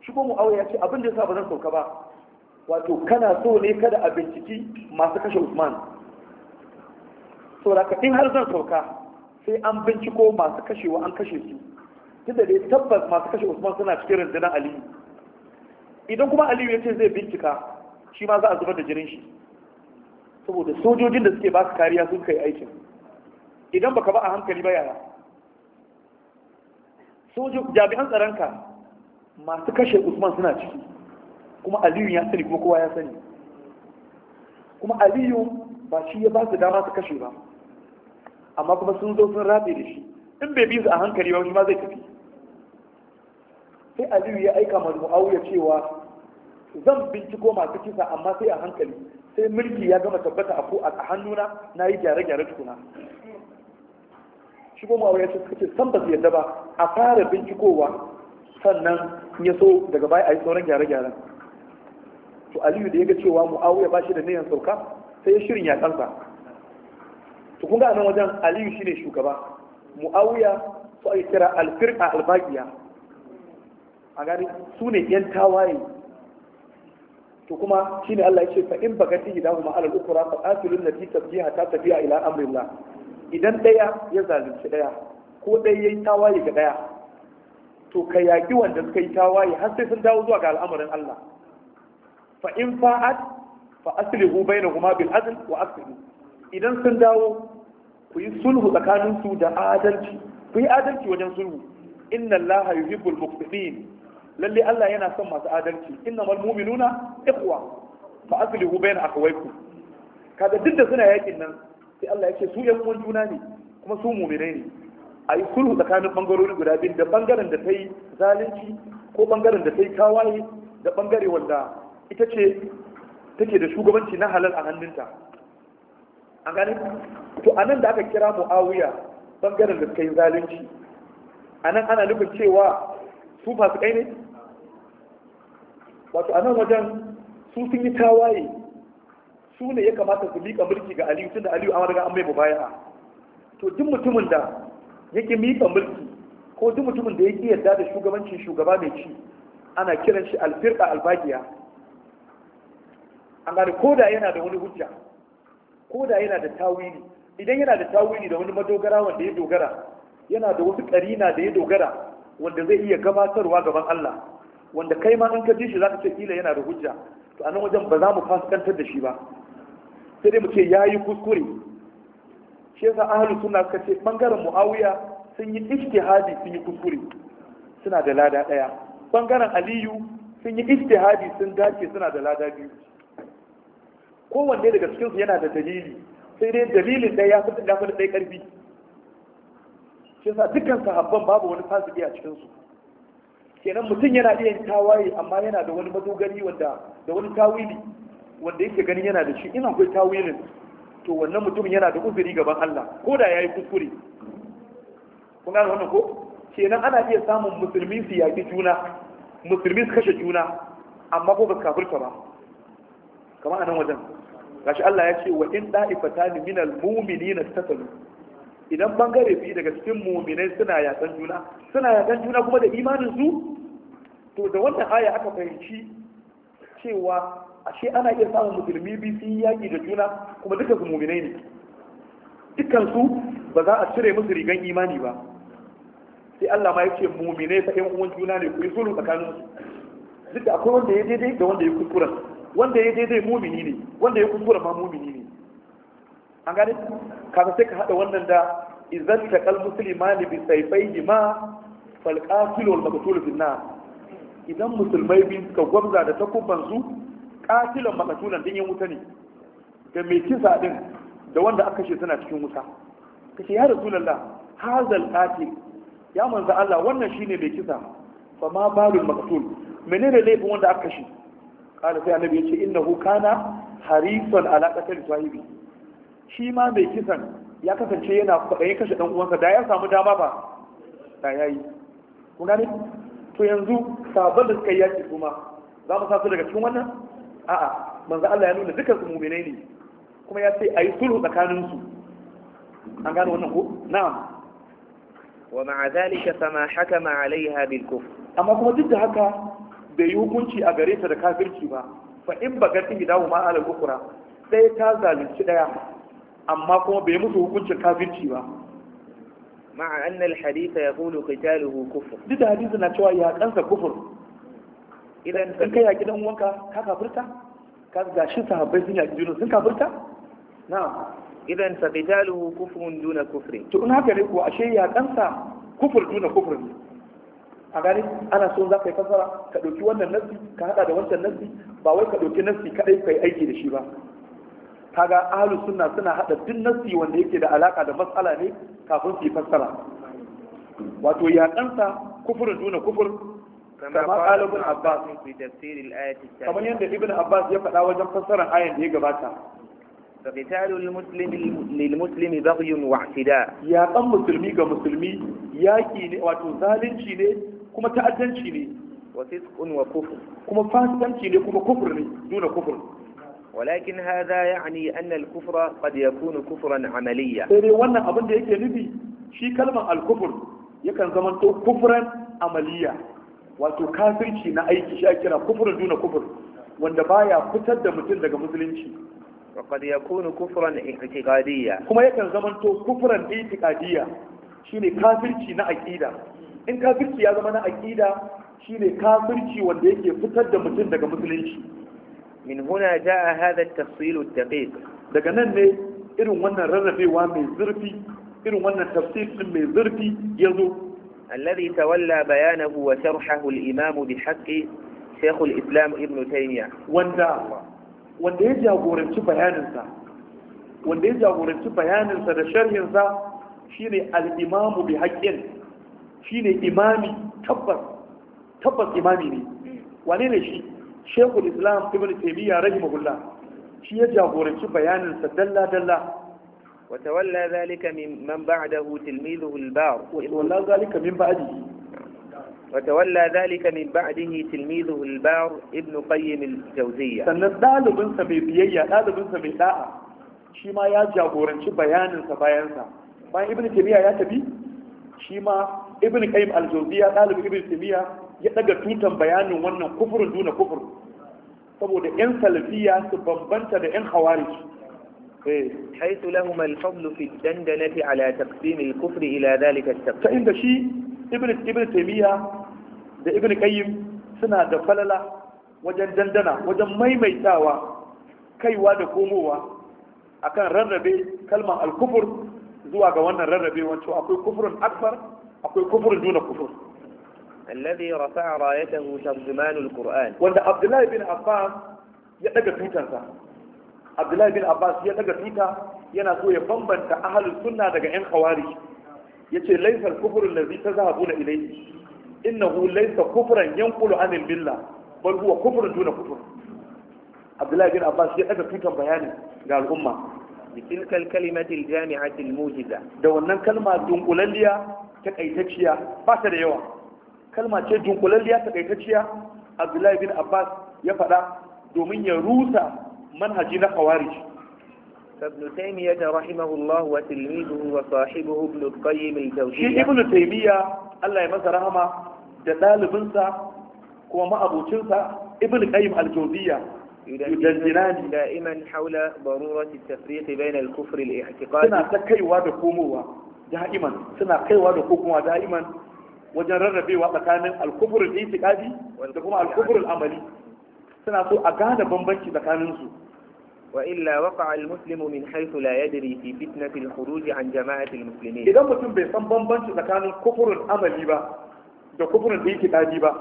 shi ko mu'awiya ya ce abin da yasa ba zan sauka ba wato kana so ne kada a binciki masu kashe usman saboda in har zan sauka sai an binciko masu kashewa an kashe su tunda da dai tabbas masu kashe usman suna cikin rundunar aliyu idan kuma aliyu ya ce zai bincika shi ma za a zubar da jirin shi saboda sojojin da suke ba kariya sun kai aikin idan baka ba a hankali ba yaya jami'an ka masu kashe usman suna ciki kuma aliyu ya sani kuma kowa ya sani kuma aliyu ba shi ya ba su dama su kashe ba amma kuma sun zo sun rabe da shi in bai bi su a hankali ba shi ma zai tafi sai aliyu ya aika ma mu'awiya cewa zan binciko masu kisa amma sai a hankali sai mulki ya gama tabbata a ko a hannuna na yi gyare-gyare tukuna shi kuma ya ce suka ce san ba su yadda ba a fara bincikowa sannan ya so daga baya a yi sauran gyare-gyaren to aliyu da ya ga cewa mu'awiya ba shi da niyan sauka sai ya shirin ya kansa to kun ga nan wajen aliyu shine shugaba muawiya su ake kira a albagiya a gani su ne yan tawaye to kuma shine Allah ya ce fa in bagati idan ma alal ukra fa qatilun lati tabjiha ta tafiya ila amrillah idan daya ya zalunci daya ko daya yayi tawaye ga daya to ka yaki wanda suka yi tawaye har sai sun dawo zuwa ga al'amarin Allah fa in fa'at fa aslihu bainahuma bil adl wa aslihu idan sun dawo ku yi sulhu tsakanin su da adalci ku yi adalci wajen sulhu inna allaha yuhibbul muqsitin lalle Allah yana son masu adalci innamal mu'minuna ikhwa fa aslihu bayna akhawaykum Kada duk da suna yakin nan sai Allah yake su yan uwan juna ne kuma su mu'minai ne a yi sulhu tsakanin bangarori guda biyu da bangaren da ta yi zalunci ko bangaren da ta yi da bangare wanda ita ce take da shugabanci na halal a hannunta a ganin to a nan da aka kira mu'awiya bangaren da suka yi zalunci a nan ana nufin cewa su kai ne wato a nan wajen su sun yi tawaye su ne ya kamata su miƙa mulki ga aliyu tunda aliyu an riga an mai mubaya'a to duk mutumin da yake miƙa mulki ko duk mutumin da yake yarda da shugabancin shugaba mai ci ana kiran shi alfirka albagiya an gane ko da yana da wani hujja ko da yana da tawili idan yana da tawili da wani madogara wanda ya dogara yana da wasu karina da ya dogara wanda zai iya gabatarwa gaban Allah wanda kai ma in ka ji shi zaka ce kila yana da hujja to a nan wajen ba za mu fasikantar da shi ba sai dai mu ce yayi kuskure shi yasa ahlus sunna suka ce bangaren muawiya sun yi ijtihadi sun yi kuskure suna da lada daya bangaren aliyu sun yi ijtihadi sun dace suna da lada biyu kowanne daga cikinsu yana da dalili sai dai dalilin ɗaya ya fi ɗaya dai ƙarfi shi yasa dukkan sahabban babu wani fasiki a cikinsu kenan mutum yana iya yin tawaye amma yana da wani madogari wanda da wani tawili wanda yake ganin yana da shi ina akwai tawilin to wannan mutum yana da uzuri gaban Allah ko da yayi kuskure kun ga wannan ko kenan ana iya samun musulmi su yaki juna musulmi su kashe juna amma ko ba kafirta ba kamar a nan wajen gashi Allah ya ce wa in da'ifatani al mu'minina tatalu idan bangare biyu daga cikin mu'minai suna yatsan juna suna yatsan juna kuma da imanin su to da wannan aya aka fahimci cewa ashe ana iya samun musulmi biyu sun yaƙi da juna kuma duka su mu'minai ne dukkan su ba za a cire musu rigan imani ba sai Allah ma ya ce mu'minai ta uwan juna ne ku yi sulhu tsakanin su duk da akwai wanda ya daidai da wanda ya kuskura wanda ya daidai mumini ne wanda ya kuskura ma mumini ne an gane kaga sai ka hada wannan da idan ta kal ne bi sayfaihi ma fal qatil wal maqtul fi idan musulmai bin suka gwamza da takubban su qatilan maqtulan din yan wuta ne da mai kisa din da wanda aka shi suna cikin wuta kace ya rasulullah hazal qatil ya manzo Allah wannan shine mai kisa fa ma balul maqtul menene laifin wanda aka kashe قال ya ce يجي إنه كان حريصا على قتل صاحبه shi ma mai kisan ya kasance yana kwaɗayin kashe ɗan uwansa da ya samu dama ba da ya yi Kuna ne? to yanzu sabon da suka yi yaki kuma za mu su daga cikin wannan a'a manzo Allah ya nuna dukkan su mu'minai ne kuma ya ce ayi sulhu tsakanin su an gane wannan ko na'am wa ma'a zalika fama hakama alaiha bil kufr amma kuma duk da haka bai yi hukunci a gare ta da kafirci ba fa in ba garin gidawo ma ma'ala ukura sai ta zalunci daya. amma kuma bai musu hukuncin kafirci ba ma'a annal haditha kai qitaluhu kufr duk da hadisi na cewa ya kansa kufur idan ka kai yaki dan wanka ka kafirta ka ga shi sahabbai sun yaki junan sun kafirta na'am idan fa qitaluhu kufrun duna kufri to in haka ne ko ashe ya kansa kufur duna kufrin a gani ana so za ka yi fasara ka ɗauki wannan nassi ka haɗa da wancan nassi ba wai ka ɗauki nassi kaɗai ka yi aiki da shi ba kaga ahlus sunna suna haɗa duk nassi wanda yake da alaka da matsala ne kafin su yi fassara wato ya ɗansa kufurin duna kufur kama ƙalibin abbas kamar yadda ibn abbas ya faɗa wajen fassarar ayan da ya gabata فقتال المسلم للمسلم بغي واعتداء يا قم مسلمي كمسلمي ياكي واتو ظالمشي ne kuma ta'addanci ne wa fisqun wa kufr kuma fasikanci ne kuma kufur ne nuna kufur walakin hadha ya'ni anna al-kufra qad yakunu kufran amaliyya sai dai wannan abin da yake nufi shi kalmar al yakan zama to kufran amaliya wato kafirci na aiki shi kira kufrun duna kufur wanda baya fitar da mutum daga musulunci وقد يكون كفرا اعتقاديا كما يكن زمن تو كفرا اعتقاديا شيني كافرشي نا عقيده in kafirci ya zama na aƙida shine kafirci wanda yake fitar da mutum daga musulunci min huna ja'a hadha at-tafsil at-daqiq daga nan ne irin wannan rarrabewa mai zurfi irin wannan tafsir din mai zurfi yazo alladhi tawalla bayanahu wa sharhahu al-imam bi haqqi shaykh al-islam ibn taymiyyah wanda wanda ya jagoranci bayaninsa wanda ya jagoranci bayaninsa da sharhinsa shine al-imam bi haqqin Shi ne imami tabbas tabbas imami ne wane ne shi shekul islam ibn taymiya rahimahullah shi ya jagoranci bayanin sa dalla dalla wa tawalla zalika mimman ba'dahu tilmizuhu al-bar wa tawalla zalika min ba'dihi وتولى ذلك من بعده تلميذه البار ابن قيم الجوزية sannan ɗalibinsa mai biyayya ɗalibinsa mai da'a shi ma ya jagoranci bayaninsa bayansa bayan ibn tabiya ya tafi shi ma ibn qayyim al-jawziya ibn ya daga tutan bayanin wannan kufurin duna kufur saboda yan salafiya su bambanta da yan khawarij حيث لهم الفضل في الدندنة على تقسيم الكفر إلى ذلك التقسيم فإن شيء ابن ابن تيمية ابن قيم سنة وجن دندنة وجن كوموا akan rarrabe kalmar alkufur zuwa ga wannan rarrabe akwai kufurin akbar akwai kufur duna kufur alladhi rafa'a rayatahu tarjuman alquran wanda abdullahi bin abbas ya daga tutarsa abdullahi bin abbas ya daga tuta yana so ya bambanta ahlus sunna daga yan khawarij yace laysa alkufru alladhi tazhabuna ilayhi innahu laysa kufran yanqulu anil billah bal huwa kufrun duna kufur abdullahi bin abbas ya daga tutan bayani ga al'umma بتلك الكلمة الجامعة mujiza. Da wannan kalma دنقلالية takaitacciya ba ta da yawa kalma ce dunkulalliya takaitacciya abdullahi bin abbas ya faɗa domin ya rusa manhaji na khawarij فابن تيمية رحمه الله وتلميذه وصاحبه ابن القيم الجوزية شيء ابن تيمية الله يمسى رحمه دلال بنسى وما أبو تنسى ابن القيم الجوزية يدندنان دائما حول ضرورة التفريق بين الكفر الاعتقادي سنة تكي واد كوموا da'iman suna kaiwa da hukumawa da'iman wajen rarrabewa tsakanin alkuburul itiqadi da kuma alkuburul amali suna so a gane bambanci tsakanin su wa illa waqa almuslimu min haythu la yadri fi fitnati alkhuruj an jama'ati almuslimin idan mutum bai san bambanci tsakanin kufurul amali ba da kufurul itiqadi ba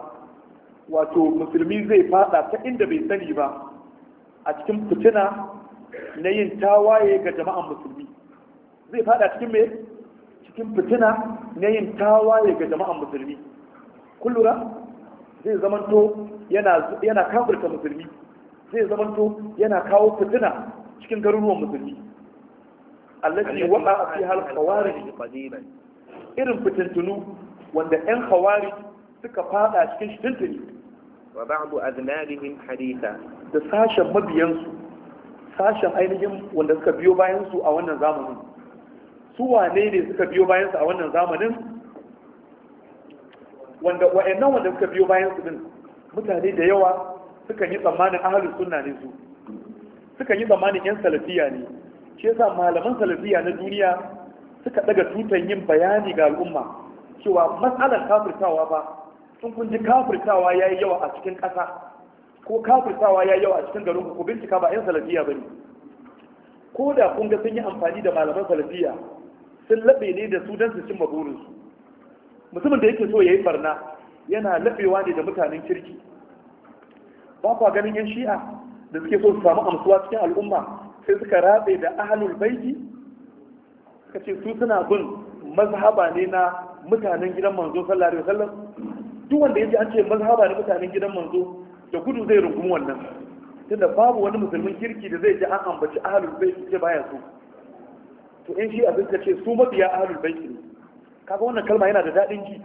wato musulmi zai fada ta inda bai sani ba a cikin fitina na yin tawaye ga jama'an musulmi zai fada cikin me cikin fitina na yin tawaye ga jama'an musulmi kun lura zai zamanto yana yana kafirta musulmi zai zamanto yana kawo fitina cikin garuruwan musulmi allati waqa fi hal qawarij qadiman irin fitintunu wanda yan qawarij suka fada cikin shi tuntuni wa ba'du aznabihim haditha da sashen mabiyansu sashen ainihin wanda suka biyo bayansu a wannan zamanin su wane ne suka biyo bayan su a wannan zamanin wanda wa'annan wanda suka biyo bayan su din mutane da yawa sukan yi tsammanin ahalus sunna ne su sukan yi tsammanin yan salafiya ne shi yasa malaman salafiya na duniya suka daga tutan yin bayani ga al'umma cewa matsalar kafirtawa ba sun kun ji kafirtawa ya yi yawa a cikin ƙasa ko kafirtawa ya yi yawa a cikin garin ku bincika ba yan salafiya ba ne ko da kun ga sun yi amfani da malaman salafiya sun laɓe ne da su don su cimma burinsu mutumin da yake so ya yi barna yana laɓewa ne da mutanen kirki ba kwa ganin yan shi'a da suke so su samu amsuwa cikin al'umma sai suka ratse da ahalul baiti suka ce su suna bin mazhaba ne na mutanen gidan manzo sallallahu alaihi wasallam duk wanda yake an ce mazhaba na mutanen gidan manzo da gudu zai rungumi wannan tunda babu wani musulmin kirki da zai ji an ambaci ahalul baiti ce baya so to in shi abin ka ce su mabiya ahlul baiti ne kaga wannan kalma yana da daɗin ji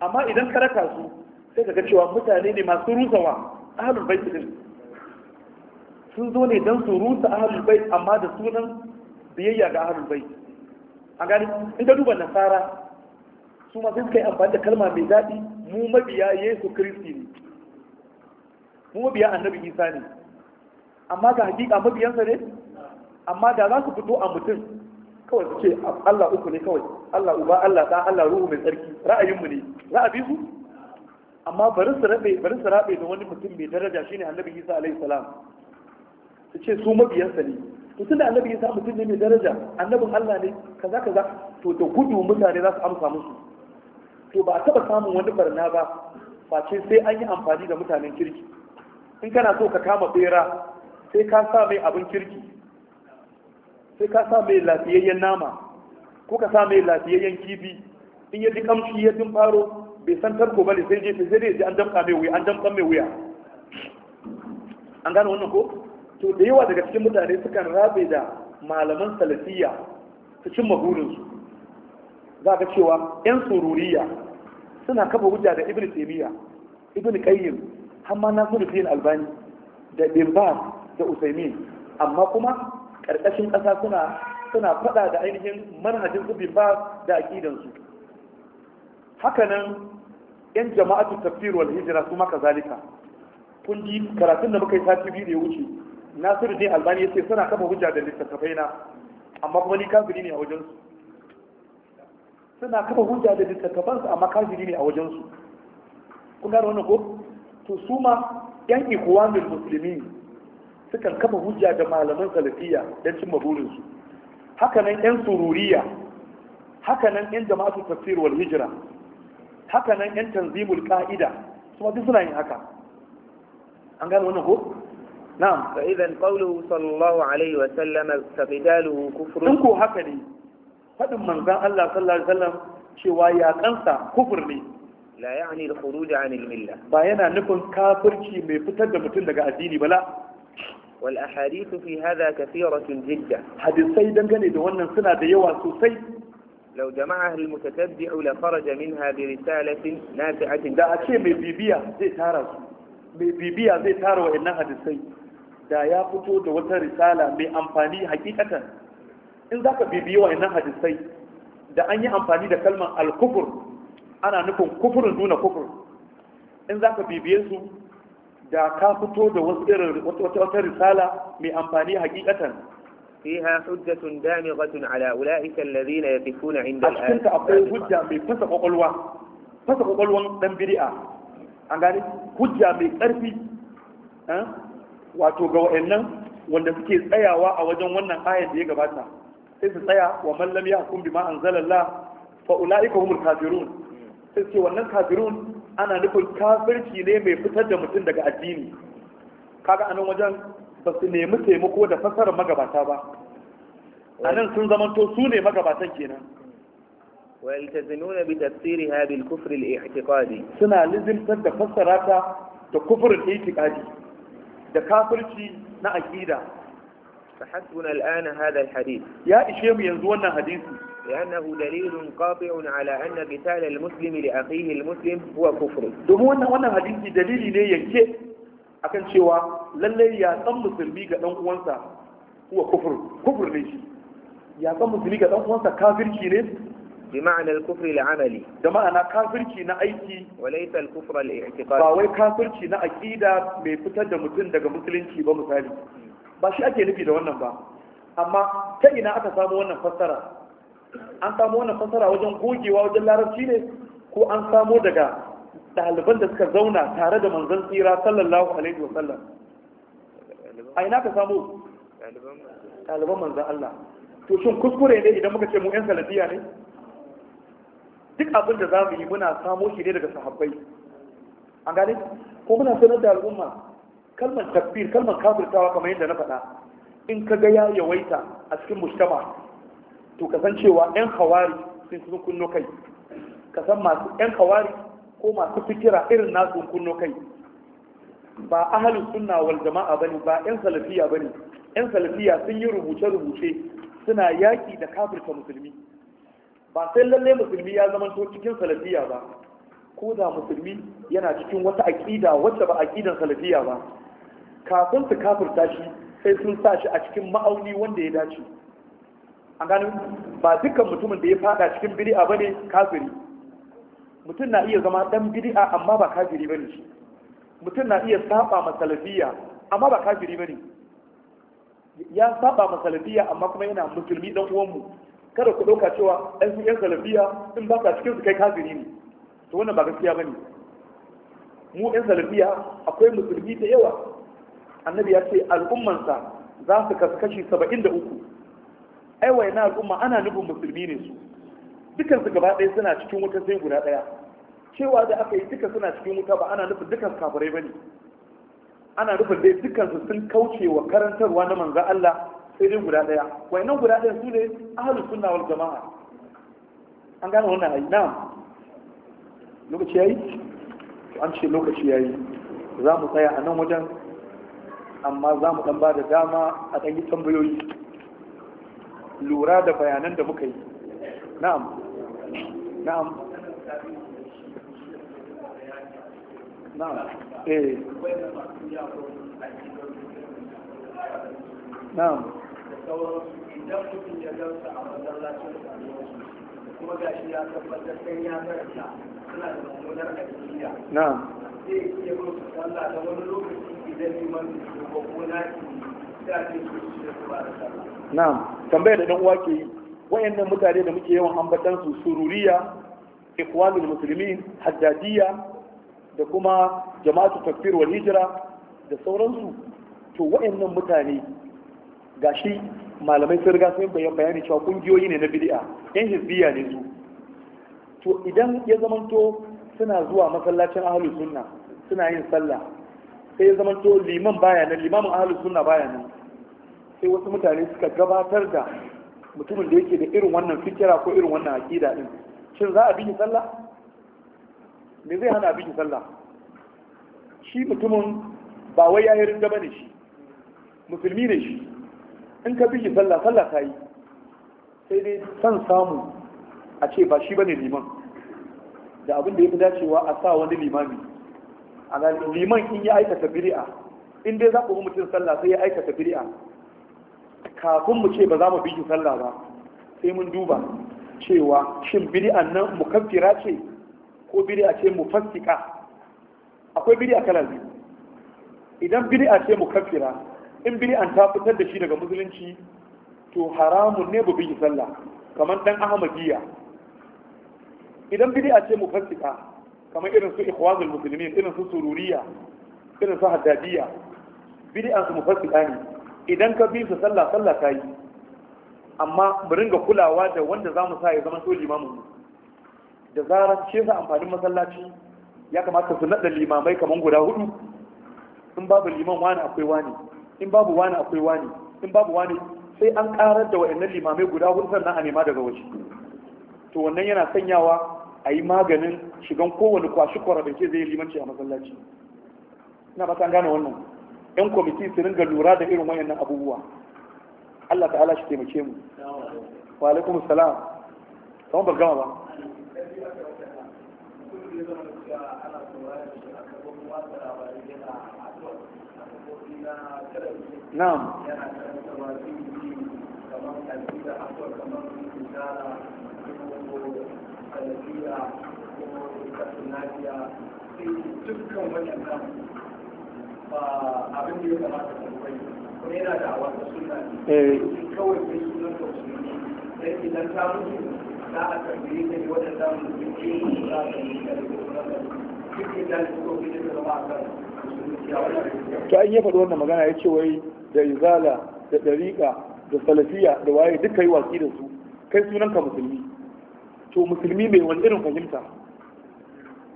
amma idan ka raka su sai ka ga cewa mutane ne masu rusawa ahlul baiti din sun zo ne don su rusa ahlul bait amma da sunan biyayya ga ahlul bait a gani in ka duba nasara su ma sai suka yi amfani da kalma mai daɗi mu mabiya yesu kristi ne mu mabiya annabi isa ne amma ga hakika mabiyansa ne amma da za su fito a mutum kawai suke Allah uku ne kawai Allah uba Allah ta Allah ruhu mai tsarki ra'ayinmu ne ra'abi su amma bari su rabe bari su rabe da wani mutum mai daraja shine Annabi Isa alaihi salam su ce su mabiyansa ne to tunda Annabi Isa mutum ne mai daraja annabin Allah ne kaza kaza to da gudu mutane za su amsa musu to ba a taba samun wani barna ba face sai an yi amfani da mutanen kirki in kana so ka kama bera sai ka sa mai abin kirki sai ka sa mai lafiyayyen nama ko ka sa mai lafiyayyen kifi in ya ji kamshi ya jin faro bai san tarko bane sai je sai dai an damka mai wuya an damka mai wuya an gane wannan ko to da yawa daga cikin mutane sukan rabe da malaman salafiya su cimma burinsu za ka cewa yan sururiya suna kafa hujja da ibn taymiya ibn qayyim har ma nasiruddin albani da ibn da usaimin amma kuma ƙarƙashin ƙasa suna suna faɗa da ainihin manhajin zubin ba da aƙidansu hakanan yan jama'atu tafsir wal hijira kuma maka zalika kun ji karatun da muka yi sati biyu da ya wuce nasiru ne albani ya ce suna kafa hujja da littattafai na amma kuma ni kafiri ne a wajensu suna kafa hujja da littattafansu amma kafiri ne a wajensu kun gane wannan ko to su ma yan ikuwanul muslimin sukan kafa hujja da malaman salafiya don cimma burinsu hakanan yan sururiya hakanan yan jama'atu tafsir wal hijira hakanan yan tanzimul ka'ida su duk suna yin haka an gano wannan ko na'am fa idan qawluhu sallallahu alaihi wa sallam taqidaluhu kufrun in ko haka ne fadin manzon Allah sallallahu alaihi wasallam cewa ya kansa kufur ne la ya'ni al-khuruj 'an al-milla ba yana nufin kafirci mai fitar da mutum daga addini bala والأحاديث في هذا كثيرة جدا حديثي دنجني دوانا سنة ديوا سوسي لو جمعها المتتبع لخرج منها برسالة نافعة دا أشي مي بيبيا زي تارز مي بيبيا زي تارو إنها حديثي دا يا فتو دا وتا رسالة مي أمفاني حقيقة إن ذاك بيبيا وإنها حديثي دا أني أمفاني دا كلمة الكفر أنا نكون كفر دون كفر إن ذاك بيبيا سو da ka fito da wasu irin wata risala mai amfani hakikatan فيها حجة دامغة على أولئك الذين يقفون عند الآية أقول حجة من فسق قلوة فسق قلوة دنبريئة أنغاني حجة من أرفي wato ga wa'annan wanda suke tsayawa a wajen wannan ayar da ya gabata sai su tsaya wa mallam ya hukum bima anzalallah fa ulaika humul kafirun hmm. sai wannan kafirun ana nufin kafirci ne mai fitar da mutum daga addini kaga anan wajen ba su nemi taimako da fasarar magabata ba a nan sun to su ne magabatan kenan Wa ويلتزمون بتفسيرها بالكفر الاعتقادي سنا لازم تبدا فسراتها da kufurin itikadi da kafirci na aqida fa hasbuna al'ana hadha al-hadith ya ishe mu yanzu wannan hadisi لأنه دليل قاطع على أن قتال المسلم لأخيه المسلم هو كفر دمونا وانا حديث دليل ليه ينكي akan cewa lallai ya san musulmi ga dan uwansa huwa kufur ne shi ya san musulmi ga dan uwansa ne bi ma'ana al-kufr al-amali da ma'ana kafirci na aiki walaysa al-kufr al-i'tiqad ba wai kafirci na aqida mai fitar da mutum daga musulunci ba misali ba shi ake nufi da wannan ba amma ta ina aka samo wannan fassara an samo wannan fasara wajen gogewa wajen larabci ne ko an samo daga ɗaliban da suka zauna tare da manzan tsira sallallahu alaihi wa sallam a ina ka samo ɗaliban manzan Allah to shin kuskure ne idan muka ce mu 'yan salafiya ne duk abin da za mu yi muna samo shi ne daga sahabbai an gane ko muna sanar da al'umma kalmar takfir kalmar kafirtawa kamar yadda na faɗa in ka ga ya yawaita a cikin mujtama to kasancewa 'yan hawari sun sun kunno kai ka san masu 'yan hawari ko masu fikira irin nasu kunno kai ba ahalin sunna wal jama'a ne ba 'yan salafiya ba ne. 'yan salafiya sun yi rubuce-rubuce suna yaƙi da kafirta musulmi ba sai lalle musulmi ya zamanto cikin salafiya ba ko da musulmi yana cikin wata aƙida wacce ba aƙidan salafiya ba kafin su kafirta shi sai sun sa shi a cikin ma'auni wanda ya dace an gani ba dukkan mutumin da ya fada cikin bid'a bane kafiri mutum na iya zama dan bid'a amma ba kafiri bane shi mutum na iya saba masalafiya amma ba kafiri bane ya saba masalafiya amma kuma yana musulmi dan mu kada ku dauka cewa dan su yan salafiya in ba ka cikin su kai kafiri ne to wannan ba gaskiya bane mu yan salafiya akwai musulmi da yawa annabi ya ce al'ummansa za su kasu kashi saba'in da uku ai wayannan al'umma ana nufin musulmi ne su dukan su gaba ɗaya suna cikin wuta sai guda ɗaya cewa da aka yi duka suna cikin wuta ba ana nufin dukan kafirai bane ana nufin dai dukan su sun kauce wa karantarwa na manzon Allah sai dai guda ɗaya Wai nan guda ɗaya su ne ahlus sunna wal jama'a an gane wannan ai na'am lokaci yayi an ce lokaci yayi za mu tsaya a nan wajen amma za mu ɗan ba da dama a ɗan yi tambayoyi lura da bayanan da muka yi na'am na'am na'am eh na'am kuma shi ya sai ya da na'am idan kuma da na'am tambayar da dan uwa ke yi wayannan mutane da muke yawan ambatan su sururiya ikhwanul muslimin haddadiya da kuma jama'atu takfir wal hijra da sauransu to wayannan mutane gashi malamai sun riga sun bayan bayani cewa kungiyoyi ne na bid'a yan hizbiya ne su to idan ya zamanto suna zuwa masallacin ahlus sunna suna yin sallah sai ya zamanto liman baya nan limamin ahlus sunna baya nan sai wasu mutane suka gabatar da mutumin da yake da irin wannan fikira ko irin wannan aƙida din shin za a bi sallah me zai hana bi sallah shi mutumin ba wai ya yi rinda bane shi musulmi ne shi in ka bi sallah sallah ta yi sai dai san samu a ce ba shi bane liman da abin da ya fi dacewa a sa wani limami a liman in ya aikata biri'a in dai za ku mutum sallah sai ya aikata biri'a kafin mu ce ba za mu bi sallah ba sai mun duba cewa shin bid'an nan mukaffira ce ko bid'a ce mufassika akwai bid'a kala biyu idan bid'a ce mukaffira in bid'an ta fitar da shi daga musulunci to haramun ne bu bi sallah kamar dan ahmadiyya idan bid'a ce mufassika kamar irin su ikhwanul muslimin irin su sururiya irin su haddadiyya bid'an su mufassika ne idan ka bi su sallah sallah ta yi amma mu ringa kulawa da wanda za mu sa ya zama soji mamu mu da zarar ce sa amfanin masallaci ya kamata su naɗa limamai kamar guda hudu in babu liman wani akwai wani in babu wani akwai wani in babu wani sai an karar da wa'annan limamai guda hudu sannan a nema daga waje to wannan yana sanyawa a yi maganin shigan kowane kwashi kwara da ke zai limanci a masallaci ina ba ta gane wannan yan kwamiti su ringa lura da irin wayannan abubuwa Allah ta'ala shi taimake mu wa alaikum salam kuma ba gama ba na'am dukkan wajen ta ka da eh. an yi faɗi wannan magana ya ce wai da izala da ɗariƙa da salafiya da waye duka yi watsi da su kai sunan ka musulmi to musulmi mai wani irin fahimta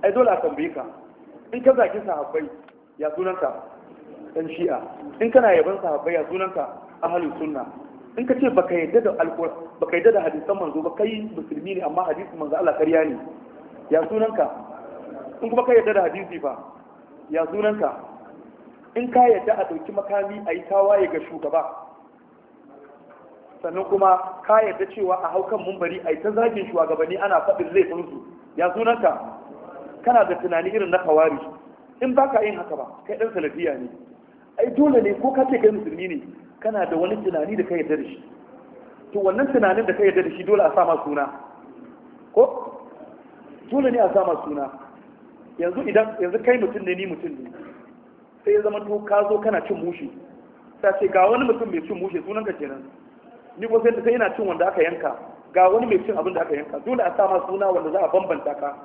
ai dole a tambaye ka in ka zaki sahabbai ya sunanka dan shi'a in kana yaban sahabbai ya sunanka ahli sunna in ka ce baka yadda da alqur'ani baka yadda da hadisan manzo ba kai musulmi ne amma hadisin manzo Allah kariya ne ya sunanka in kuma ka yadda da hadisi fa ya sunanka in ka yadda a dauki makami a yi tawaye ga shugaba sannan kuma ka yadda cewa a haukan mumbari a yi ta zagin shugabanni ana faɗin laifinsu ya sunanka kana da tunani irin na kawari in ba ka yin haka ba kai dan salafiya ne ai dole ne ko ka ce kai musulmi ne kana da wani tunani da ka yarda da shi to wannan tunanin da ka yarda da shi dole a sama suna ko dole ne a sama suna yanzu idan yanzu kai mutum ne ni mutum ne sai ya zama to ka zo kana cin mushi ta ce ga wani mutum mai cin mushi sunan ka kenan ni ko sai sai ina cin wanda aka yanka ga wani mai cin abin da aka yanka dole a sama suna wanda za a bambanta ka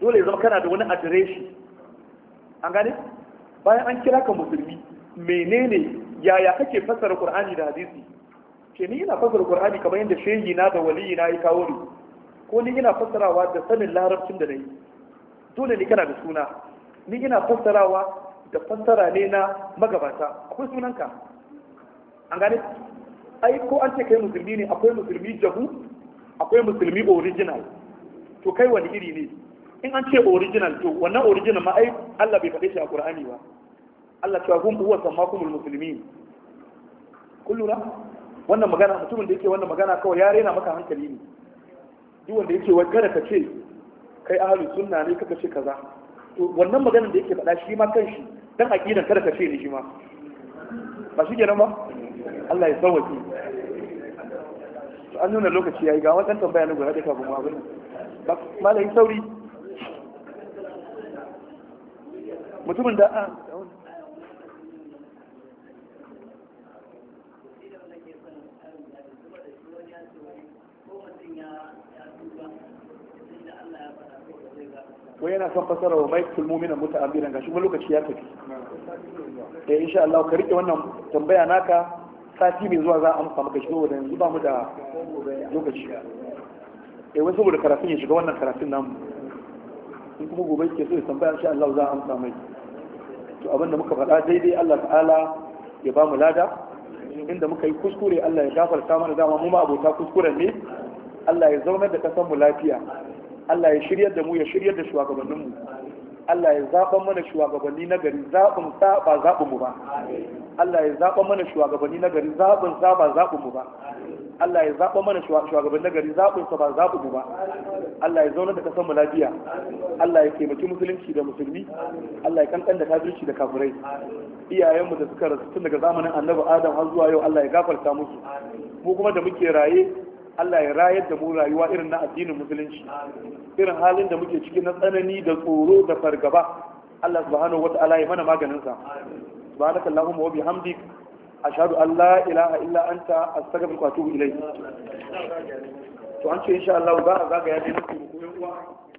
dole ya zama kana da wani adireshi an gane bayan an kira ka musulmi menene yaya kake fassara qur'ani da hadisi ke ni ina fassara qur'ani kamar yadda shehi na da wali na yi kawo ni ko ni ina fassarawa da sanin larabcin da nayi dole ne kana da suna ni ina fassarawa da fassara ne na magabata akwai sunanka an gane ai ko an ce kai musulmi ne akwai musulmi jahu akwai musulmi original to kai wani iri ne in an ce original to wannan original ma ai Allah bai faɗe shi a Qur'ani ba Allah cewa kun huwa sammakumul muslimin kullura wannan magana mutumin da yake wannan magana kawai ya rena maka hankali ne duk wanda yake wai kada ka ce kai ahlus sunna ne kaka ce kaza to wannan maganar da yake faɗa shi ma kanshi dan aqidan kada ka ce ne shi ma ba shi kenan ba Allah ya sauwake an nuna lokaci yayi ga wannan tambaya ne guda da kafin mu abin ba malai sauri mutumin da a ah. wai yana son fasara wa maikul muminan muta'ammiran gashi Shugaban lokaci ya tafi eh insha Allah ka rike wannan tambaya naka sati mai zuwa za a amfa maka shi saboda yanzu ba mu da lokaci eh wai saboda karatun ya shiga wannan karatun namu in kuma gobe ke so ya tambaya shi Allah za a amsa mai to abin da muka faɗa daidai Allah ta'ala ya ba mu lada inda muka yi kuskure Allah ya gafarta mana dama mu ma abota kuskuren ne Allah ya zaunar da kasan mu lafiya Allah ya shiryar da mu ya shiryar da shugabanninmu Allah ya zaɓa mana shugabanni na gari zaɓin sa ba zaɓin mu ba Allah ya zaɓa mana shugabanni na gari zaɓin sa ba zaɓin mu ba Allah ya zaɓa mana shugabanni na gari zaɓin sa ba zaɓin mu ba Allah ya zauna da kasan mu lafiya Allah ya taimaki musulunci da musulmi Allah ya kankan da kafirci da kafirai iyayenmu da suka rasu tun daga zamanin annabi Adam har zuwa yau Allah ya gafarta musu mu kuma da muke raye Allah ya rayar da mu rayuwa irin na addinin musulunci irin halin da muke ciki na tsanani da tsoro da fargaba Allah subhanahu ta'ala ya mana maganin sa subhanaka allahumma wa bihamdik ashhadu an la ilaha illa anta astaghfiruka wa atubu ilayk to an ce insha Allah za a zagaya da nasu ko yan uwa